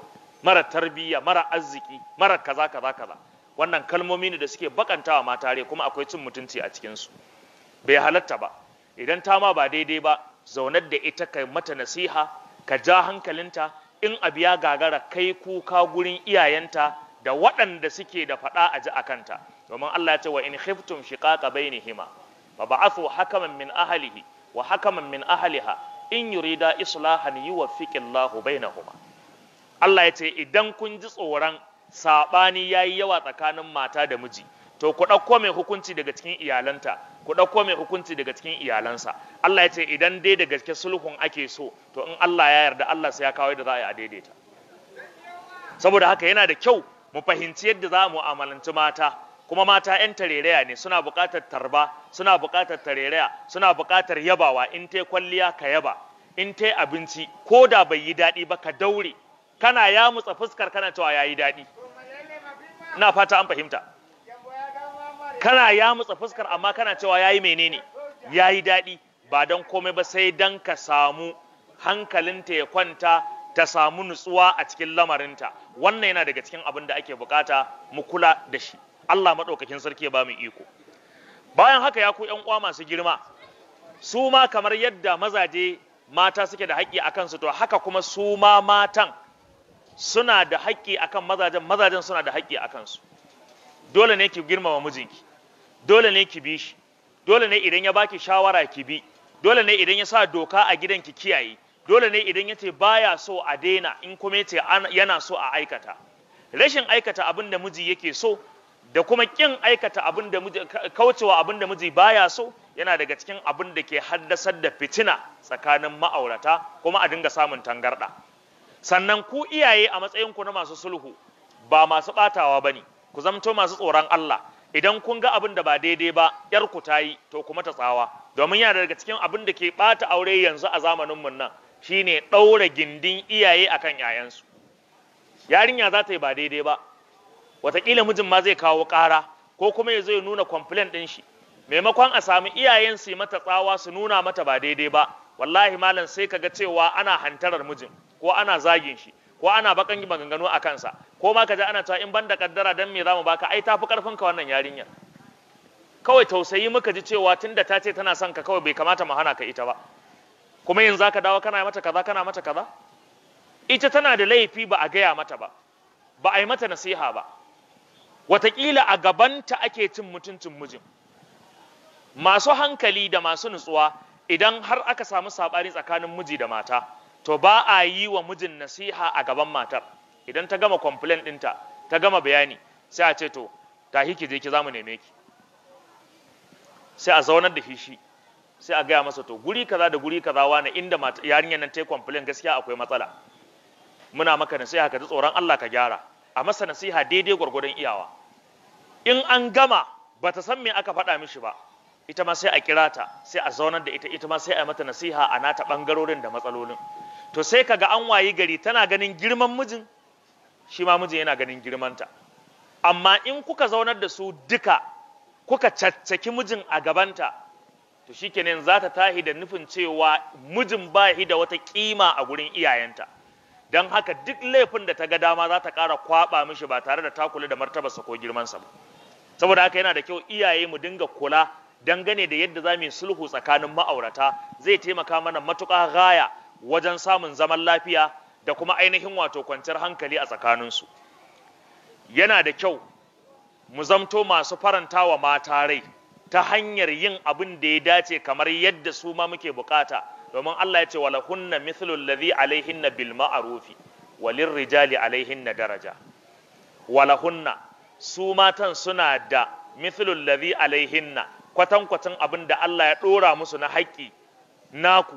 mara tarbiyya mara arziki mara kaza kaza kaza wannan kalmomi ne da suke bakantawa mata rai kuma akwai cin mutunci a cikin su bai halatta ba idan ta ma ba daidai ba zaunar da ita kai mata nasiha ka ja hankalinta in abu ya gagara kai kuka gurin iyayenta da waɗanda suke da faɗa a ji a kanta domin Allah ya ce wa in khiftum shiqaqa bainihima fa ba'athu hakaman min ahlihi wa hakaman min ahliha in yurida islahan yuwaffiqillahu bainahuma Allah ya ce idan kun ji tsoron saɓani ya yi yawa tsakanin mata da miji to ku ɗauko mai hukunci daga cikin iyalanta ku ɗauko mai hukunci daga cikin iyalansa Allah ya ce idan dai da gaske sulhun ake so to in Allah ya yarda Allah sai ya kawo da za a yi a daidaita saboda haka yana da kyau mu fahimci yadda za mu amalanci mata kuma mata 'yan tarereya ne suna buƙatar tarba suna buƙatar tarereya suna buƙatar yabawa in tai kwalliya ka yaba in tai abinci ko da bai yi daɗi ba ka daure kana ya mutsa fuskar kana cewa yayi daɗi na fata an fahimta kana ya mutsa fuskar amma kana cewa yayi menene yayi daɗi ba don komai ba sai don ka samu hankalinta ya kwanta ta samu nutsuwa a cikin lamarinta wannan yana daga cikin abin da ake bukata mu kula da shi Allah maɗaukakin sarki ya ba mu iko bayan haka ya ku ƴan uwa masu girma su ma kamar yadda mazaje mata suke da haƙƙi a kansu to haka kuma su ma matan suna da haƙƙi akan mazajen mazajen suna da haƙƙi a su dole ne ki girmama mijinki dole ne ki bi shi dole ne idan ya baki shawara ki bi dole ne idan ya sa doka a gidan ki kiyaye dole ne idan yace ce baya so a daina in kuma yana so a aikata rashin aikata abin da miji yake so da kuma kin aikata abin da miji kaucewa abin da miji baya so yana daga cikin abin da ke haddasar da fitina tsakanin ma'aurata kuma a dinga samun tangarda sannan ku iyaye a matsayin ku na masu sulhu ba masu batawa ne ku zamto masu tsoron Allah idan kun ga abin da ba daidai ba yar ku yi to kuma ta tsawa domin yana daga cikin abin da ke bata aure yanzu a zamanin mun nan shine ɗaura gindin iyaye akan yayansu yarinya za ta yi ba daidai ba watakila mijin ma zai kawo ƙara ko kuma ya zai nuna complaint din shi maimakon a sami iyayen su mata tsawa su nuna mata ba daidai ba wallahi malam sai kaga cewa ana hantarar mijin ko ana zagin shi ko ana bakan maganganu a kansa ko ma kaji ana cewa in banda kaddara dan me zamu baka ai tafi karfin ka wannan yarinyar kawai tausayi muka ji cewa tunda ta ce tana son ka kawai bai kamata mu hana ka ita ba kuma yanzu zaka dawo kana mata kaza kana mata kaza ita tana da laifi ba a gaya mata ba ba a yi mata nasiha ba wataƙila a gabanta ake cin mutuncin mijin masu hankali da masu nutsuwa idan har aka samu saɓari tsakanin miji da mata to ba a yi wa mijin nasiha a gaban matar idan ta gama complaint ɗinta ta gama bayani sai a ce to ta ki je ki zamu neme ki sai a zaunar da shi sai a gaya masa to guri kaza da guri kaza wani inda yarinyar nan ta yi complaint gaskiya akwai matsala muna maka nasiha ka ji tsoron Allah ka gyara a masa nasiha daidai gwargwadon iyawa in an gama ba ta san me aka faɗa mishi ba ita ma sai a kira ta sai a zaunar da ita ita ma sai a mata nasiha a nata bangarorin da matsalolin to sai ka an wayi gari tana ganin girman mijin shi ma mijin yana ganin girmanta amma in kuka zaunar da su duka kuka caccaki mijin a gabanta to shi kenan za ta tahi da nufin cewa mijin ba shi da wata kima a gurin iyayenta don haka duk laifin da ta ga dama za ta ƙara kwaɓa mishi ba tare da ta kula da martabarsa ko girmansa ba saboda haka yana da kyau iyaye mu dinga kula dangane da yadda za mu yi sulhu tsakanin ma'aurata zai taimaka mana matuƙa gaya wajen samun zaman lafiya da kuma ainihin wato kwanciyar hankali a tsakaninsu yana da kyau mu zamto masu faranta wa mata rai ta hanyar yin abin da ya dace kamar yadda su ma muke bukata domin Allah ya ce wala hunna mithlul ladhi alaihinna bil ma'rufi walin rijali alaihinna daraja wala hunna su matan suna da mithlul ladhi alaihinna kwatan abin da Allah ya ɗora musu na haƙƙi naku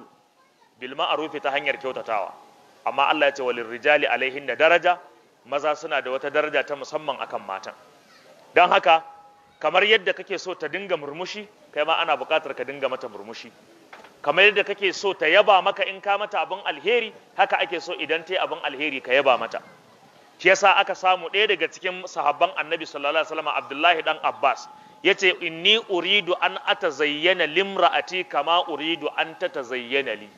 bil ma'rufi ta hanyar kyautatawa amma Allah ya ce walil rijali alaihin da daraja maza suna da wata daraja ta musamman akan matan don haka kamar yadda kake so ta dinga murmushi kai ma ana buƙatar ka dinga mata murmushi kamar yadda kake so ta yaba maka in ka mata abin alheri haka ake so idan ta yi abin alheri ka yaba mata shi yasa aka samu ɗaya daga cikin sahabban annabi sallallahu alaihi wasallam abdullahi dan abbas yace inni uridu an atazayyana limra'ati kama uridu an tatazayyana li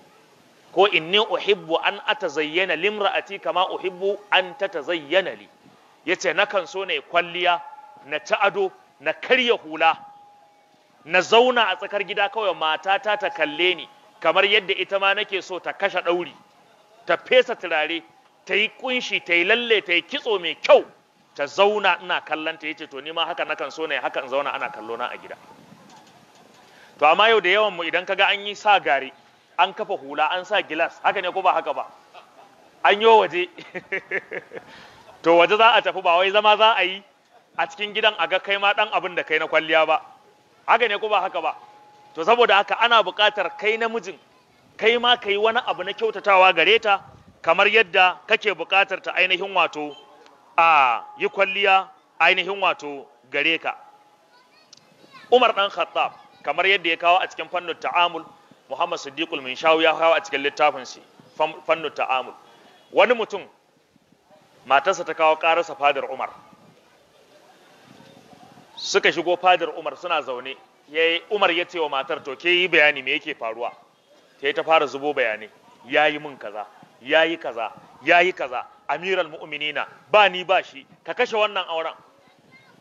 ko inni uhibbu an atazayyana limra'ati kama uhibbu an tatazayyana li yace nakan so ne kwalliya na ci ado na karya hula na zauna a tsakar gida kawai matata ta kalle ni kamar yadda ita ma nake so ta kashe ɗauri ta fesa turare ta yi kunshi ta yi lalle ta yi kitso mai kyau ta zauna ina kallon ta yace to ni ma haka nakan so ne haka in zauna ana kallona a gida to amma yau da yawan mu idan kaga an yi sa gari an kafa hula an sa gilas haka ne ko ba haka ba an yi waje to waje za a tafi ba wai zama za a yi a cikin gidan a ga kai ma dan abin da kai na kwalliya ba haka ne ko ba haka ba to saboda haka ana buƙatar kai namijin kai ma kai wani abu na kyautatawa gare ta kamar yadda kake buƙatar ta ainihin wato a yi kwalliya ainihin wato gare ka Umar dan Khattab kamar yadda ya kawo a cikin fannin ta'amul Muhammad Siddiqul Minshawi ya hawa a cikin littafin shi fannu ta'amul wani mutum matarsa ta kawo karasa fadar Umar suka shigo fadar Umar suna zaune yayi Umar ya ce wa matar to ke yi bayani me yake faruwa sai ta fara zubo bayanai yayi mun kaza yayi kaza yayi kaza amiral mu'minina ba ni ba shi ka kashe wannan auren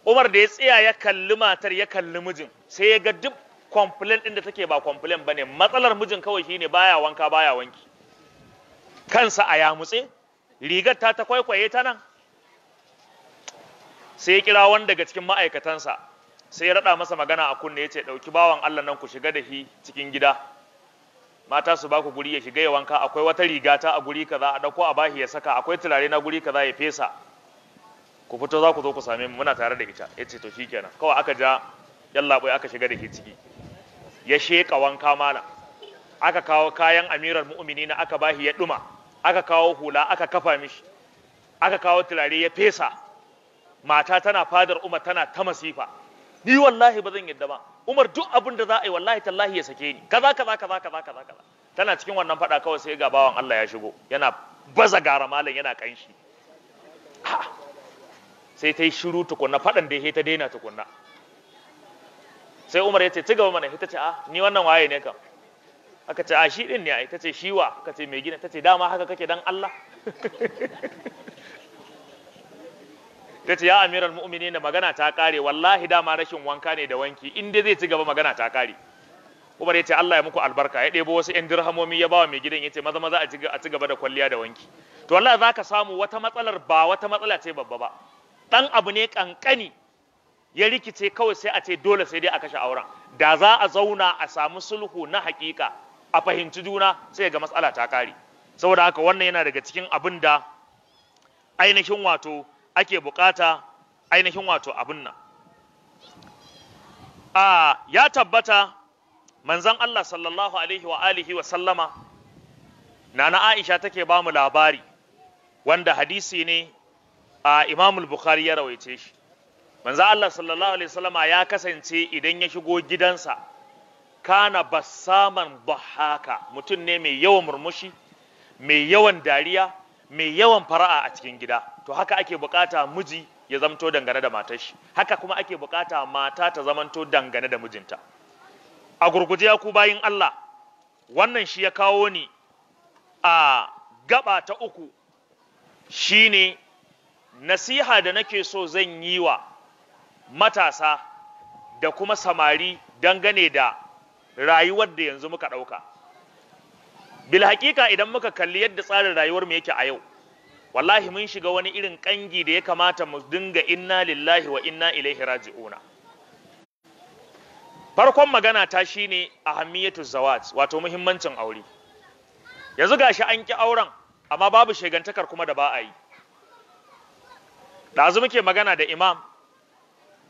Umar da ya tsaya ya kalli matar ya kalli mijin sai ya ga duk complaint din da take ba ba bane matsalar mijin kawai shine baya wanka baya wanki kansa a mutse rigar ta ta kwaikwaye ta nan sai ya kira wani daga cikin ma'aikatansa sai ya rada masa magana a kunne yace dauki bawan Allah nan ku shiga da shi cikin gida mata su baku guri ya shiga ya wanka akwai wata riga ta a guri kaza a dauko a bahi ya saka akwai turare na guri kaza ya fesa ku fito za ku zo ku same mu muna tare da ita yace to shikenan kawai aka ja yalla aka shiga da shi ciki ya sheka wanka mala aka kawo kayan amiral na aka bahi ya duma aka kawo hula aka kafa mishi aka kawo turare ya fesa mata tana fadar umar tana ta masifa ni wallahi ba zan yadda ba umar duk abin da za a yi wallahi tallahi ya sake ni kaza kaza kaza kaza kaza kaza tana cikin wannan fada kawai sai ga bawan Allah ya shigo yana baza gara malam yana kanshi sai ta yi shiru tukunna fadan da ya ta daina tukunna sai umar ya ce ci gaba mana ita ce a ah, ni wannan waye ne kam aka ce a ah, shi din ne ai ta ce shi wa aka ce mai gina ta ce dama haka kake dan Allah ta ce ya amiral mu'mini da magana ta kare wallahi dama rashin wanka ne da wanki in dai zai ci gaba magana ta kare umar ya ce Allah ya muku albarka ya ɗebo wasu 'yan dirhamomi ya bawa mai gidan ya ce maza maza a ci gaba da kwalliya da wanki to wallahi zaka samu wata matsalar ba wata matsala ce babba ba ɗan abu ne ƙanƙani ya rikice kawai sai a ce dole sai dai a kashe auren da za a zauna a samu sulhu na hakika a fahimci juna sai ga matsala ta kare saboda haka wannan yana daga cikin abin da ainihin wato ake bukata ainihin wato abin nan a ya tabbata manzon Allah sallallahu alaihi wa alihi wa sallama nana Aisha take ba mu labari wanda hadisi ne a Imam Bukhari ya rawaice shi manzo Allah sallallahu alaihi wasallama ya kasance idan ya shigo gidansa kana basaman bahaka mutum ne mai yawan murmushi mai yawan dariya mai yawan fara'a a cikin gida to haka ake bukata miji ya zamto dangane da matar shi haka kuma ake bukata mata ta zamanto dangane da mijinta a gurguje ya ku bayin Allah wannan shi ya kawo ni a gaba ta uku shine nasiha da nake so zan yi wa matasa da kuma samari dangane da rayuwar da yanzu muka ɗauka bil hakika, idan muka kalli yadda tsarin rayuwar mu yake a yau wallahi mun shiga wani irin ƙangi da ya kamata mu dinga inna lillahi wa inna ilaihi raji'una farkon magana ta shine a zawat wato muhimmancin aure yanzu gashi an ki auren amma babu shegantakar kuma da ba a yi ɗazu muke magana da imam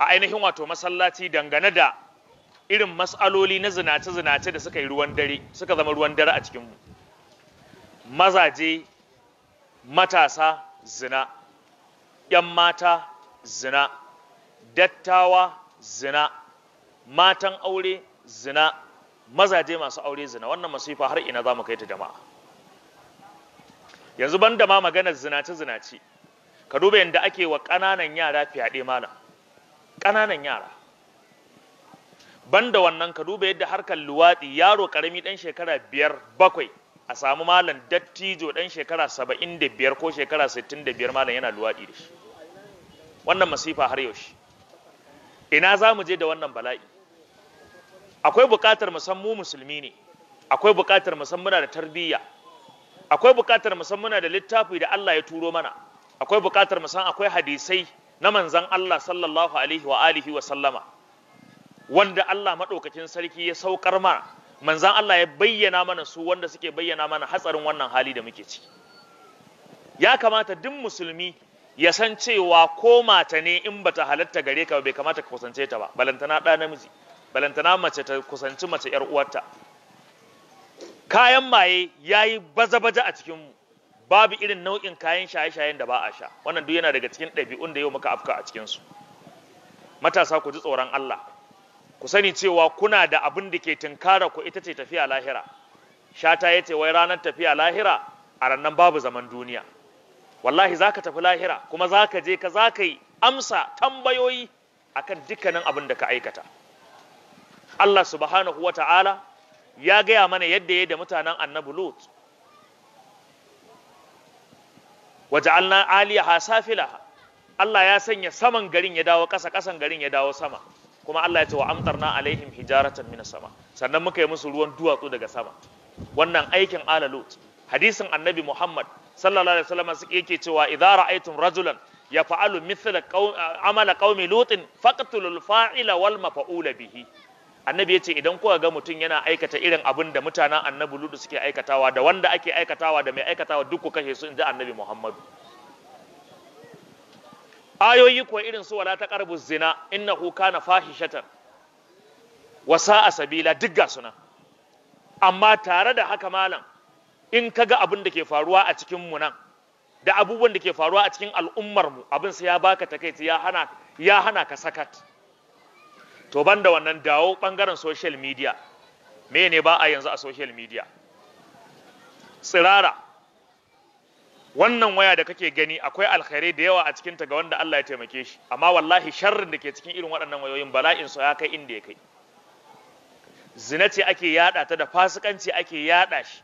a ainihin wato masallaci dangane da irin matsaloli na zinace-zinace da suka yi ruwan dare suka zama ruwan dare a cikinmu mazaje matasa zina ‘yan mata zina dattawa zina matan aure zina mazaje masu aure zina wannan masifa har ina za mu kai ta jama'a yanzu ban da ma maganar zinace-zinace ka duba yadda ake wa ƙananan yara fyaɗe malam ƙananan yara banda wannan ka duba yadda harkar luwaɗi yaro ƙarami ɗan shekara biyar bakwai a samu malam dattijo ɗan shekara saba'in da biyar ko shekara sittin da biyar malam yana luwaɗi da shi wannan masifa har yaushe ina za mu je da wannan bala'i akwai buƙatar mu musulmi ne akwai buƙatar musamman da tarbiyya akwai buƙatar musamman da littafi da Allah ya turo mana akwai buƙatar musamman akwai hadisai na manzan Allah sallallahu alaihi wa alihi wa sallama wanda Allah maɗaukacin sarki ya saukar ma, manzan Allah ya bayyana mana su wanda suke bayyana mana hatsarin wannan hali da muke ciki ya kamata duk musulmi ya san cewa ko mata ne in bata halatta gare ka bai kamata ka kusance ta ba balantana ɗa namiji balantana mace ta kusanci mace ƴar uwarta kayan maye yayi baza-baza a cikin mu babu irin nau'in kayan shaye-shayen da ba a sha wannan duk yana daga cikin ɗabi'un da yau muka afka a cikinsu matasa ku ji tsoron Allah ku sani cewa kuna da abin da ke tunkara ku ita ce tafiya lahira shata ya ce wai ranar tafiya lahira a rannan babu zaman duniya wallahi za ka tafi lahira kuma za ka je ka za ka yi amsa tambayoyi akan dukkanin abin da ka aikata Allah subhanahu wa ta'ala ya gaya mana yadda ya da mutanen annabi Lut waja'alna aliyaha safilaha Allah ya sanya saman garin ya dawo ƙasa ƙasan garin ya dawo sama kuma Allah ya ce wa amtarna alaihim hijaratan min sama sannan muka yi musu ruwan duwatsu daga sama wannan aikin ala hadisin annabi Muhammad sallallahu alaihi wasallam suke yake cewa idza ra'aytum rajulan yaf'alu mithla amala qaumi lutin faqtulul fa'ila wal maf'ula bihi annabi ya ce idan kuka ga mutum yana aikata irin abin da mutanen annabi ludu suke aikatawa da wanda ake aikatawa da mai aikatawa duk ku kashe su in annabi muhammadu ayoyi kuwa irin su wala ta karbu zina innahu kana fahishatan wa sa'a sabila duk ga suna amma tare da haka malam in kaga abin da ke faruwa a cikin mu nan da abubuwan da ke faruwa a cikin al'ummar mu abin sai ya baka takaici ya hana ya hana ka sakat to ban da wannan dawo bangaren social media me ne ba a yanzu a social media tsirara wannan waya da kake gani akwai alkhairai da yawa a cikinta ga wanda Allah ya taimake shi amma wallahi sharrin da ke cikin irin waɗannan wayoyin bala'in su ya kai inda ya kai zina ce ake yada ta da fasikanci ake yada shi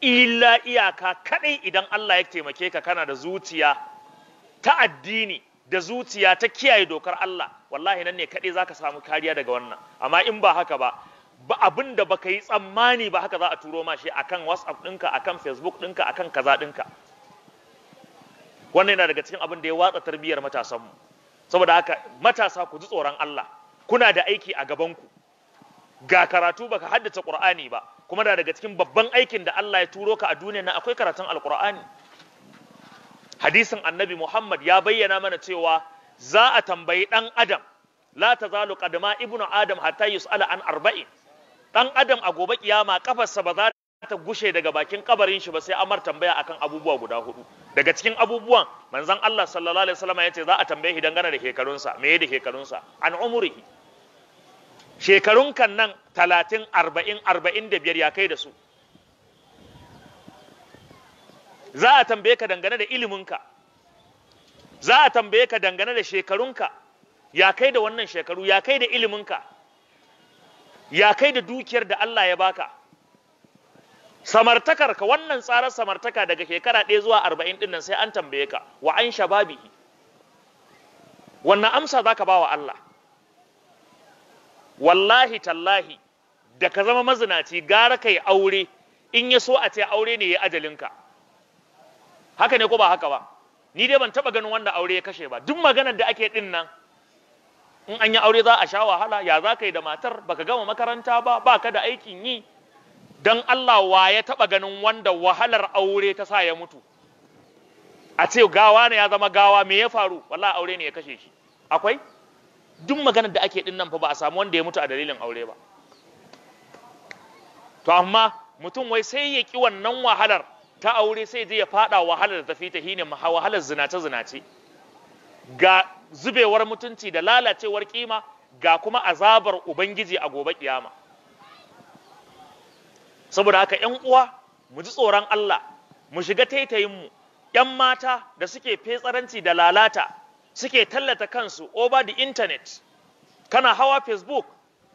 illa iyaka kadai idan Allah ya taimake ka kana da zuciya ta addini da zuciya ta kiyaye dokar Allah wallahi nan ne kaɗai zaka samu kariya daga wannan amma in ba haka ba ba abin da baka yi tsammani ba haka za a turo ma shi akan whatsapp ɗinka akan facebook ɗinka akan kaza ɗinka wannan yana daga cikin abin da ya watsa tarbiyyar matasanmu saboda haka matasa ku ji tsoron Allah kuna da aiki a gabanku ga karatu baka haddace Qur'ani ba kuma da daga cikin babban aikin da Allah ya turo ka a duniya na akwai karatun Alqur'ani hadisin Annabi Muhammad ya bayyana mana cewa za a tambayi ɗan adam la ta zalu kadama ibnu adam hatta yus'ala an arba'in ɗan adam a gobe kiyama kafarsa ba za ta gushe daga bakin kabarin shi ba sai amar tambaya akan abubuwa guda hudu daga cikin abubuwan manzon Allah sallallahu alaihi wasallam ce za a tambaye shi dangane da shekarunsa Me da shekarunsa an umrihi shekarun kan nan 30 40 45 ya kai da su za a tambaye ka dangane da iliminka za a tambaye ka dangane da shekarunka ya kai da wannan shekaru ya kai da iliminka ya kai da dukiyar da Allah ya baka samartakarka wannan tsarar samartaka daga shekara ɗaya zuwa arba'in ɗin nan sai an tambaye ka wa an shababi wannan amsa za ka ba wa Allah wallahi tallahi da ka zama mazinaci gara kayi aure in ya so a ce aure ne ya ajalinka haka ne ko ba haka ba ni dai ban taba ganin wanda aure ya kashe ba duk maganar da ake din nan in an yi aure za a sha wahala ya za ka yi da matar baka gama makaranta ba ba ka da aikin yi don Allah wa ya taba ganin wanda wahalar aure ta sa ya mutu a ce gawa ne ya zama gawa me ya faru wallahi aure ne ya kashe shi akwai duk maganar da ake din nan fa ba a samu wanda ya mutu a dalilin aure ba to amma mutum wai sai ya ki wannan wahalar ta aure sai je ya fada wahalar da tafi ta hine wahalar zinace zinace ga zubewar mutunci da lalacewar kima ga kuma azabar ubangiji a gobe kiyama saboda haka yan uwa mu ji tsoron Allah mu shiga taitayin mu yan mata da suke fetsaranci da lalata suke tallata kansu over the internet kana hawa facebook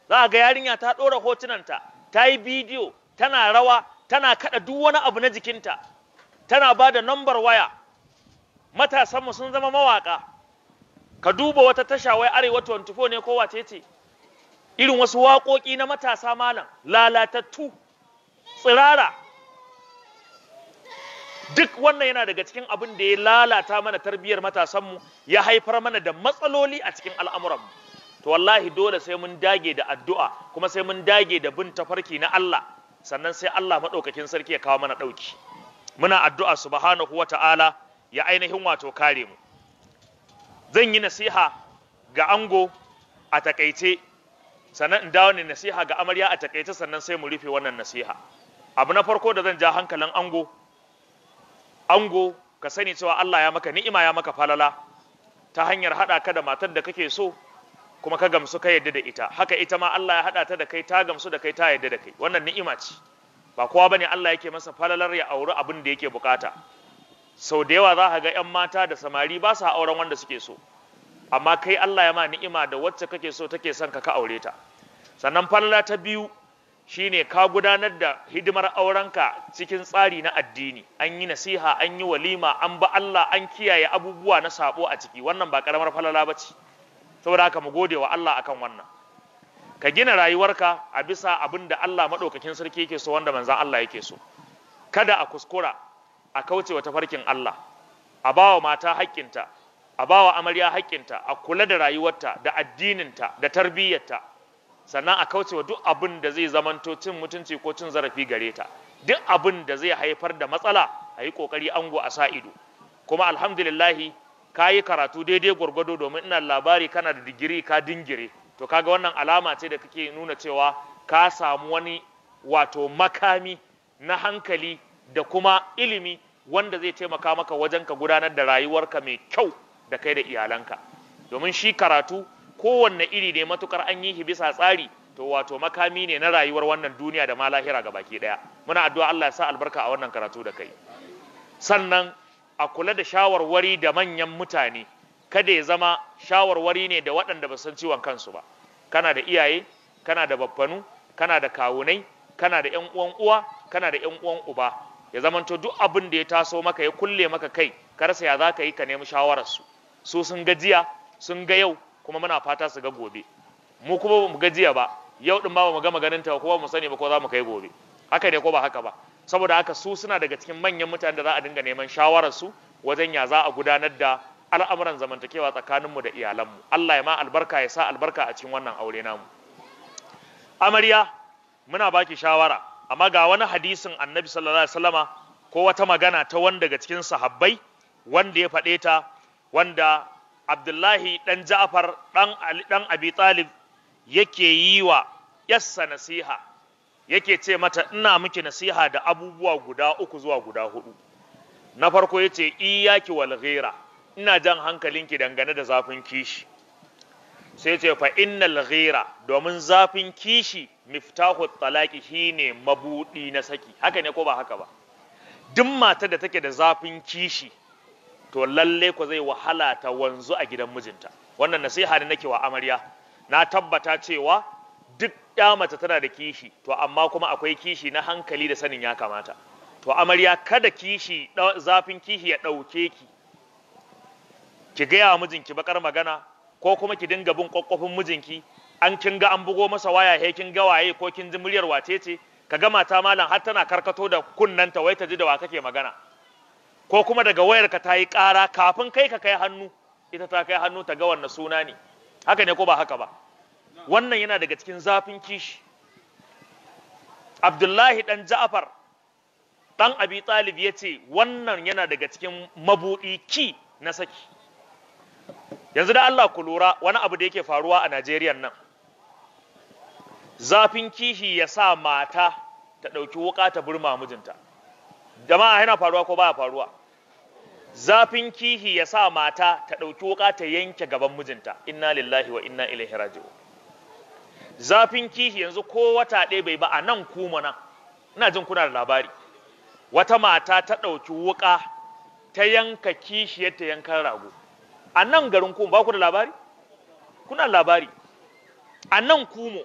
za a ga yarinya ta ɗora hotunanta ta yi bidiyo tana rawa tana kada duk wani abu na jikinta tana ba da nambar waya matasanmu sun zama mawaka ka duba wata tasha wai arewa 24 ne ko wace ce irin wasu waƙoƙi na matasa malam lalatattu tsirara duk wannan yana daga cikin abin da ya lalata mana tarbiyyar matasanmu ya haifar mana da matsaloli a cikin al'amuranmu to wallahi dole sai mun dage da addu'a kuma sai mun dage da bin tafarki na Allah sannan sai Allah maɗaukakin sarki ya kawo mana ɗauki muna addu'a subhanahu wa ta'ala ya ainihin wato kare mu zan yi nasiha ga ango a takaice sannan in dawo ne nasiha ga amarya a takaice sannan sai mu rufe wannan nasiha abu na farko da zan ja hankalin ango ango ka sani cewa Allah ya maka ni'ima ya maka falala ta hanyar haɗa ka da matar da kake so kuma ka gamsu ka yadda da ita haka ita ma Allah ya haɗa ta da kai ta gamsu da kai ta yadda da kai wannan ni'ima ce ba kowa bane Allah yake masa falalar ya auri abin da yake bukata sau da yawa za ka ga 'yan mata da samari ba sa auren wanda suke so amma kai Allah ya ma ni'ima da wacce kake so take son ka ka aure ta sannan falala ta biyu shine ka gudanar da hidimar aurenka cikin tsari na addini an yi nasiha an yi walima an ba Allah an kiyaye abubuwa na sabo a ciki wannan ba karamar falala ba ce saboda haka mu gode wa Allah akan wannan ka gina rayuwarka a bisa abin da Allah maɗaukakin sarki yake so wanda manzan Allah yake so kada a kuskura a kauce wa tafarkin Allah a bawa mata haƙƙinta a bawa amarya haƙƙinta a kula da rayuwarta da addininta da tarbiyyarta sannan a kauce wa duk abin da zai zamanto cin mutunci ko cin zarafi gare ta duk abin da zai haifar da matsala a yi ƙoƙari ango a sa ido kuma alhamdulillahi ka yi karatu daidai gwargwado domin ina labari kana da digiri ka dingire to kaga wannan alama ce da kake nuna cewa ka samu wani wato makami na hankali da kuma ilimi wanda zai taimaka maka wajen ka gudanar da rayuwarka mai kyau da kai da iyalanka domin shi karatu kowanne iri ne matukar an yi bisa tsari to wato makami ne na rayuwar wannan duniya da ma lahira ga baki daya muna addu'a Allah ya sa albarka a wannan karatu da kai sannan a kula da shawarwari da manyan mutane kada ya zama shawarwari ne da waɗanda ba san ciwon kansu ba kana da iyaye kana da babbanu kana da kawunai kana da 'yan uwan uwa kana da 'yan uwan uba ya zamanto duk abin da ya taso maka ya kulle maka kai ka rasa ya zaka yi ka nemi shawararsu su sun gajiya sun ga yau kuma muna fata su ga gobe mu kuma ba mu ga ba yau din ba mu ga maganin ta kuma ba mu sani ba ko za mu kai gobe haka ne ko ba haka ba saboda haka su suna daga cikin manyan mutane da za a dinga neman shawararsu wajen ya za a gudanar da al'amuran zamantakewa tsakaninmu da iyalanmu Allah ya ma albarka ya sa albarka a cikin wannan aure namu amarya muna baki shawara amma ga wani hadisin annabi sallallahu alaihi wasallama ko wata magana ta wanda daga cikin sahabbai wanda ya faɗe ta wanda abdullahi Dan ja'far Dan abi talib yake yi wa yassa nasiha yake ce mata ina miki nasiha da abubuwa guda uku zuwa guda hudu na farko yace iyaki wal ghira ina jan hankalinki dangane da zafin kishi sai ce fa innal ghira domin zafin kishi miftahu talaki shine mabudi na saki haka ne ko ba haka ba duk matar da take da zafin kishi to lalle ko zai wahala ta wanzu a gidan mijinta wannan nasiha ne nake wa amarya na tabbata cewa ya mace tana da kishi to amma kuma akwai kishi na hankali da sanin ya kamata to amarya kada kishi zafin kishi ya ɗauke ki ki gaya wa mijinki bakar magana ko kuma ki dinga bin kwakwafin mijinki an kin ga an bugo masa waya he kin ga waye ko kin ji muryar wace ce ka ga mata malam har tana karkato da kunnanta wai ta ji da wa kake magana ko kuma daga wayarka ta yi ƙara kafin kai ka kai hannu ita ta kai hannu ta ga wannan suna ne haka ne ko ba haka ba wannan yana daga cikin zafin kishi abdullahi dan ja'afar dan abi talib ya ce wannan yana daga cikin mabuɗi ki na saki yanzu da allah ku lura wani abu da yake faruwa a najeriya nan zafin kishi ya sa mata ta ɗauki wuka ta burma mijinta jama'a yana faruwa ko baya faruwa zafin kihi ya sa mata ta ɗauki wuka ta yanke gaban mijinta inna lillahi wa inna ilaihi raji'un zafin kishi yanzu ko wata ɗaya bai ba a nan kuma nan ina jin kuna da labari wata mata ta ɗauki wuƙa ta yanka kishi yadda yankan rago a nan garin kuma ba ku da labari kuna labari a nan kumo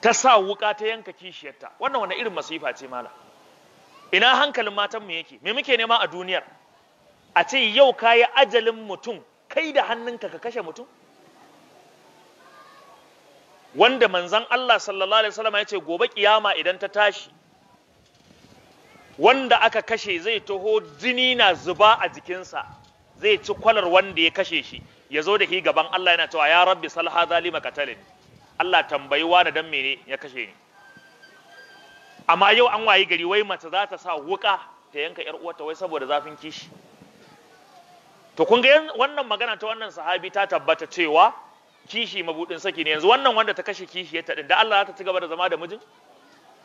ta sa wuƙa ta yanka kishiyarta wannan wani irin masifa ce mala ina hankalin matan mu yake me muke nema a duniyar a ce yau kayi ajalin mutum kai da hannunka ka kashe mutum wanda manzan Allah sallallahu alaihi wasallam ya ce gobe kiyama idan ta tashi wanda aka kashe zai taho jini na zuba a jikinsa zai ci kwalar wanda ya kashe shi ya zo da ke gaban Allah yana cewa ya rabbi salha zalima qatalani Allah tambayi wani dan mene ya kashe ni amma yau an wayi gari wai mace za ta sa wuka ta yanka yar uwarta wai saboda zafin kishi to kun ga wannan magana ta wannan sahabi ta tabbata cewa kishi mabudin saki ne yanzu wannan wanda ta kashe kishi ya taɗin da Allah ta ci gaba da zama da mijin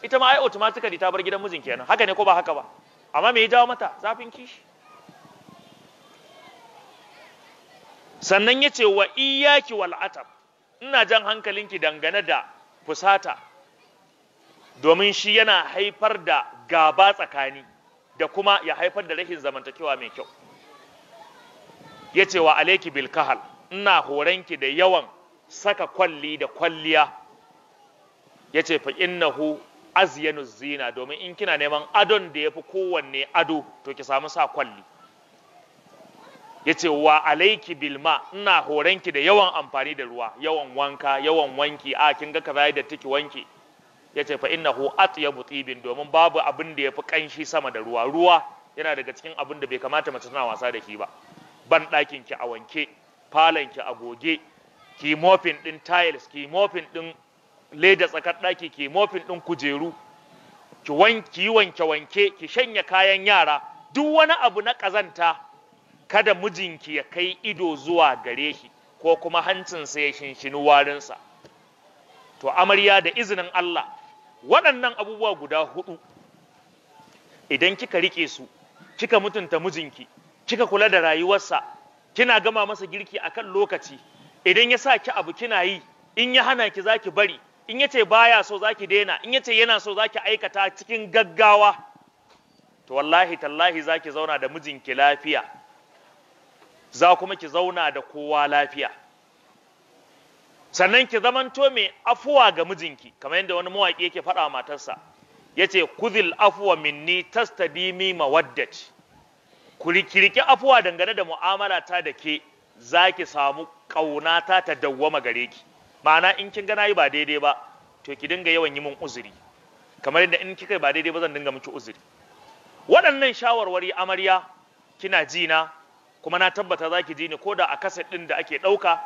ita ma ai automatically ta bar gidan mijin kenan haka ne ko ba haka ba amma me ya jawo mata zafin kishi sannan ya ce wa iyaki wal atab ina jan hankalinki dangane da fusata domin shi yana haifar da gaba tsakani da kuma ya haifar da rashin zamantakewa mai kyau ya ce wa alaiki bil kahal ina horanki da yawan saka kwalli da kwalliya ya ce fa innahu azyanu zina domin in kina neman adon da ya fi kowanne ado to ki samu sa kwalli ya ce wa alaiki bilma ina horonki da yawan amfani da ruwa yawan wanka yawan wanki a kin ga kaza da tiki wanki ya ce fa innahu atyabu tibin domin babu abin da ya fi kanshi sama da ruwa ruwa yana daga cikin abin da bai kamata mace tana wasa da shi ba ban ɗakin ki a wanke falon ki a goge ki mofin ɗin tiles ki ɗin leda tsakar ɗaki ki mofin ɗin kujeru ki wanki wanke wanke ki shanya kayan yara duk wani abu na ƙazanta kada mijinki ya kai ido zuwa gare shi ko kuma hancinsa ya shinshini warinsa to amarya da izinin Allah waɗannan abubuwa guda hudu idan kika rike su kika mutunta mijinki kika kula da rayuwarsa kina gama masa girki akan lokaci idan ya sa ki abu kina yi in ya hana ki zaki bari in ya ce baya so zaki daina in ya ce yana so zaki aikata cikin gaggawa to wallahi tallahi zaki zauna da mijinki lafiya za kuma ki zauna da kowa lafiya sannan ki zamanto mai afuwa ga mijinki kamar yadda wani mawaƙi yake faɗa matarsa ya ce kuzil afuwa minni tastadimi mawaddat ku riki afuwa dangane da mu'amala ta da ke za ki samu ƙaunata ta dawwama gare ki ma'ana in kin ga nayi ba daidai ba to ki dinga yawan yi min uzuri kamar yadda in kika ba daidai ba zan dinga miki uzuri waɗannan shawarwari amarya kina ji na kuma na tabbata zaki ji ni koda a kasa ɗin da ake ɗauka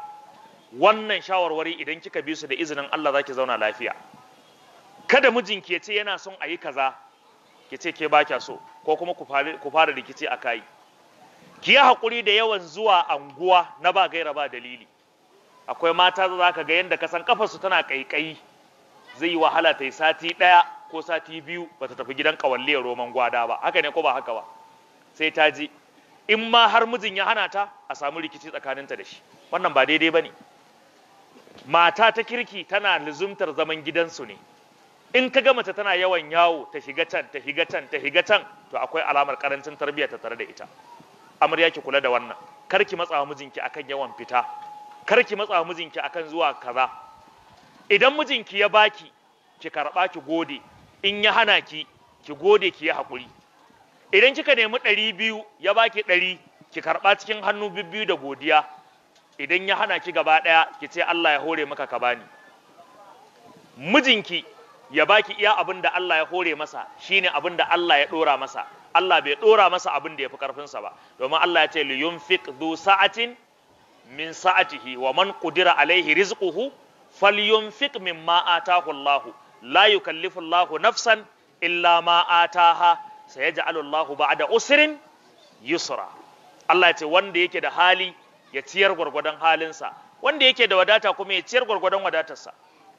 wannan shawarwari idan kika bi su da izinin Allah za ki zauna lafiya kada mijinki ya ce yana son a yi kaza ki ce ke ba kya so ko kuma ku fara rikici a kai ki yi haƙuri da yawan zuwa anguwa na ba gaira ba dalili akwai mata za ka ga yadda ka san kafarsu tana ƙaiƙayi zai yi wahala ta yi sati ɗaya ko sati biyu ba ta tafi gidan ƙawalliyar roman gwada ba haka ne ko ba haka ba sai ta ji. in ma har mijin ya hana ta a samu rikici tsakaninta da shi wannan ba daidai ba ne mata ta kirki tana luzumtar zaman gidansu ne in ka ga mace tana yawan yawo ta shiga can ta shiga can ta shiga can to akwai alamar karancin tarbiyya ta tare da ita amarya ki kula da wannan kar ki matsa mijinki akan yawan fita kar ki matsa mijinki akan zuwa kaza idan mijinki ya baki ki karba ki gode in ya hana ki ki gode ki yi hakuri idan kika nemi ɗari biyu ya baki ɗari ki karba cikin hannu bibbiyu da godiya idan ya hana ki gaba ɗaya ki ce Allah ya hore maka ka bani mijinki ya baki iya abin da Allah ya hore masa shine abin da Allah ya ɗora masa Allah bai dora masa abin da yafi ƙarfinsa ba domin Allah ya ce li yunfiq du sa'atin min sa'atihi wa man qudira alaihi rizquhu falyunfiq mimma atahu Allah la yukallifu Allah nafsan illa ma ataha sayaj'alu Allah ba'da usrin yusra Allah ya ce wanda yake da hali ya ciyar gwargwadon halinsa wanda yake da wadata kuma ya ciyar gwargwadon wadatarsa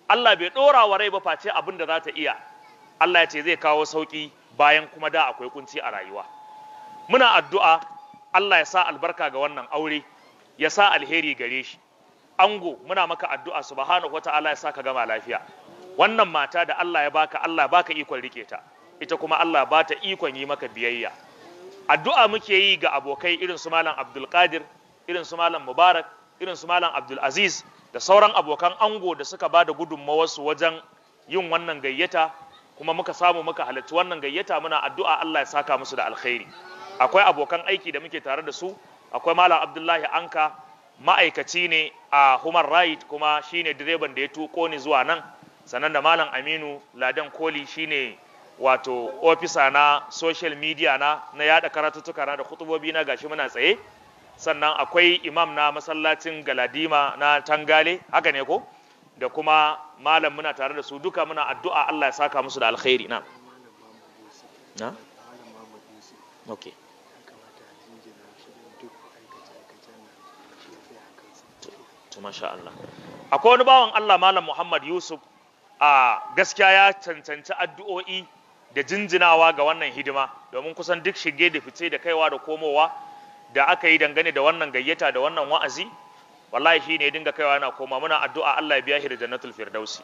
Allah bai ɗora wa rai ba face abin da za ta iya Allah ya ce zai kawo sauƙi. bayan kuma da akwai kunci a rayuwa muna addu'a Allah ya sa albarka ga wannan aure ya sa alheri gare shi ango muna maka addu'a subhanahu wata'ala ya sa ka gama lafiya wannan mata da Allah ya baka Allah baka ikon rike ta ita kuma Allah ba ta ikon yi maka biyayya addu'a muke yi ga abokai irin su malam Abdul Qadir irin su malam Mubarak irin su malam Abdul Aziz da sauran abokan ango da suka ba da su wajen yin wannan gayyata kuma muka samu muka halittu, wannan gayyata muna addu'a Allah ya saka musu da alkhairi akwai abokan aiki da muke tare da su akwai malam Abdullahi Anka ma'aikaci ne a Human Right kuma shine direban da ya tuko ni zuwa nan sannan da malam Aminu Ladan Koli shine wato ofisa na social media na na yada karatuttuka na da kutubobi na gashi muna tsaye sannan akwai imam na masallacin Galadima na Tangale haka ne ko da kuma malam muna tare da su duka muna addu'a Allah ya saka musu da alkhairi na na okay to masha Allah akwai wani bawan Allah malam Muhammad Yusuf a gaskiya ya cancanci addu'o'i da jinjinawa ga wannan hidima domin kusan duk shige da fice da kaiwa da komowa da aka yi dangane da wannan gayyata da wannan wa'azi wallahi shine ya dinga kaiwa yana koma muna addu'a Allah ya biya shi da jannatul firdausi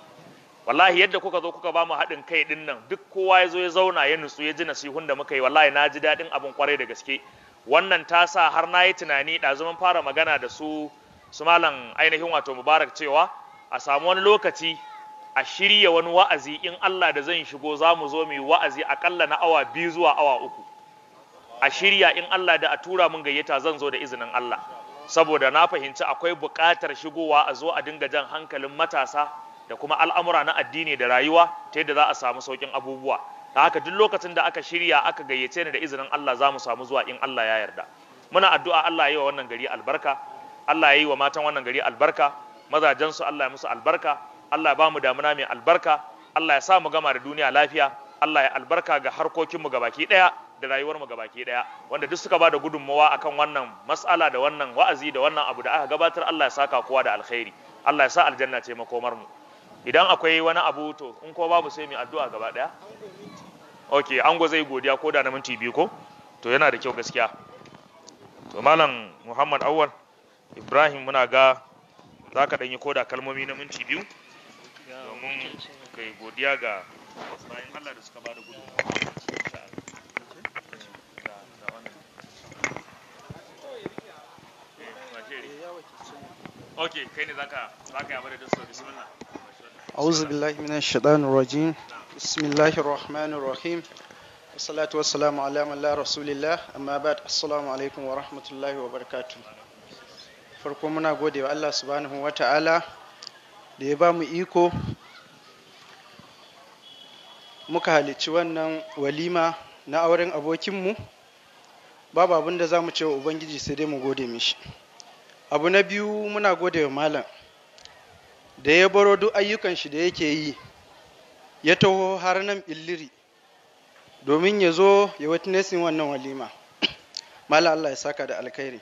wallahi yadda kuka zo kuka ba mu haɗin kai din nan duk kowa ya zo ya zauna ya nutsu ya ji nasihun da muka yi wallahi na ji daɗin abin kwarai da gaske wannan ta sa har na yi tunani mun fara magana da su su malam ainihin wato mubarak cewa a samu wani lokaci a shirya wani wa'azi in Allah da zan shigo za mu zo mu yi wa'azi akalla na awa biyu zuwa awa uku a shirya in Allah da a tura mun gayyata zan zo da izinin Allah saboda na fahimci akwai buƙatar shigowa a zo a dinga jan hankalin matasa da kuma al'amura na addini da rayuwa ta yadda za a samu sauƙin abubuwa da haka duk lokacin da aka shirya aka gayyace ni da izinin Allah za mu samu zuwa in Allah ya yarda muna addu'a Allah ya yi wa wannan gari albarka Allah ya yi wa matan wannan gari albarka Mazajen su Allah ya musu albarka Allah ya ba mu damuna mai albarka Allah ya sa mu gama da duniya lafiya Allah ya albarka ga harkokinmu gabaki ɗaya da rayuwar mu gabaki daya wanda duk suka bada gudunmawa akan wannan mas'ala da wannan wa'azi da wannan abu da aka gabatar Allah ya saka kowa da alkhairi Allah ya sa aljanna ce makomar mu idan akwai wani abu to in ko babu sai mu addu'a gaba daya okay ango zai godiya ko da na minti biyu ko to yana da kyau gaskiya to malam Muhammad Awwal Ibrahim muna ga za ka ɗanyi koda kalmomi na minti biyu domin kai godiya ga bayan Allah da suka ba da gudunmawa أعوذ بالله من الشيطان الرجيم بسم الله الرحمن الرحيم والصلاة والسلام على من لا رسول الله أما بعد السلام عليكم ورحمة الله وبركاته farko muna gode wa Allah subhanahu wa ta'ala da ya ba mu iko muka halicci wannan walima na auren abokinmu babu abin da za mu ce wa ubangiji sai dai mu gode mishi abu na biyu muna gode wa malam da ya baro duk ayyukan shi da yake yi ya taho har nan illiri domin ya zo ya nesin wannan walima malam Allah ya saka da alkhairi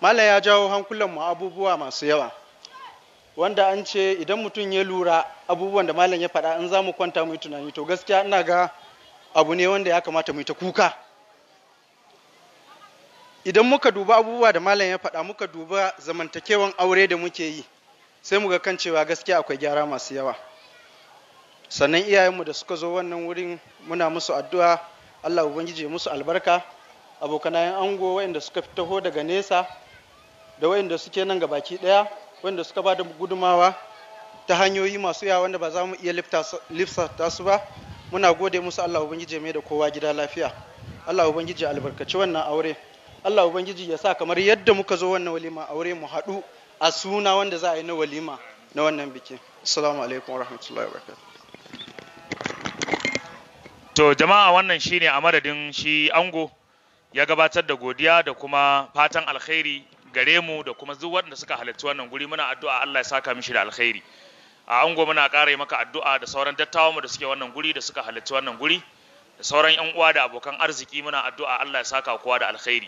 malam ya jawo hankulan mu abubuwa masu yawa wanda an ce idan mutum ya lura abubuwan da malam ya faɗa in za mu kwanta mu tunani to gaskiya ina ga abu ne wanda ya kamata mu yi ta kuka idan muka duba abubuwa da malam ya faɗa muka duba zamantakewan aure da muke yi sai muga kan cewa gaskiya akwai gyara masu yawa sannan iyayenmu da suka zo wannan wurin muna musu addu'a Allah ubangiji ya musu albarka abokanayen ango waɗanda suka taho daga nesa da waɗanda suke nan ga baki ɗaya waɗanda suka ba da gudumawa ta hanyoyi masu yawa wanda ba za mu iya lifta su ba muna gode musu Allah ubangiji mai da kowa gida lafiya Allah ubangiji albarkaci wannan aure Allah ubangiji ya sa kamar yadda muka zo wannan walima aure mu haɗu a suna wanda za a yi na walima na wannan bikin assalamu alaikum wa rahmatullahi wa to jama'a wannan shine a madadin shi ango ya gabatar da godiya da kuma fatan alkhairi gare mu da kuma duk waɗanda suka halarci wannan guri muna addu'a Allah ya saka mishi da alkhairi a ango muna ƙara maka addu'a da sauran dattawan mu da suke wannan guri da suka halarci wannan guri da sauran yan uwa da abokan arziki muna addu'a Allah ya saka kowa da alkhairi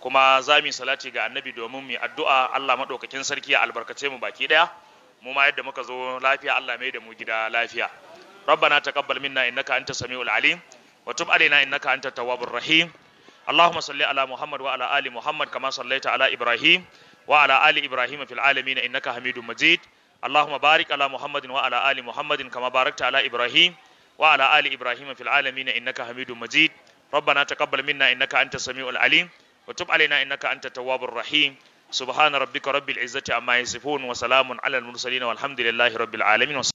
kuma za mu yi salati ga annabi domin mu addu'a Allah madaukakin sarki ya albarkace mu baki daya mu ma yadda muka zo lafiya Allah mai da mu gida lafiya ربنا تقبل منا انك انت السميع العليم وتب علينا انك انت التواب الرحيم اللهم صل على محمد وعلى ال محمد كما صليت على ابراهيم وعلى ال ابراهيم في العالمين انك حميد مجيد اللهم بارك على محمد وعلى ال محمد كما باركت على ابراهيم وعلى ال ابراهيم في العالمين انك حميد مجيد ربنا تقبل منا انك انت السميع العليم wa tub alaina innaka anta tawwabur rahim subhana rabbika rabbil izzati amma yasifun wa salamun alal mursalin walhamdulillahi rabbil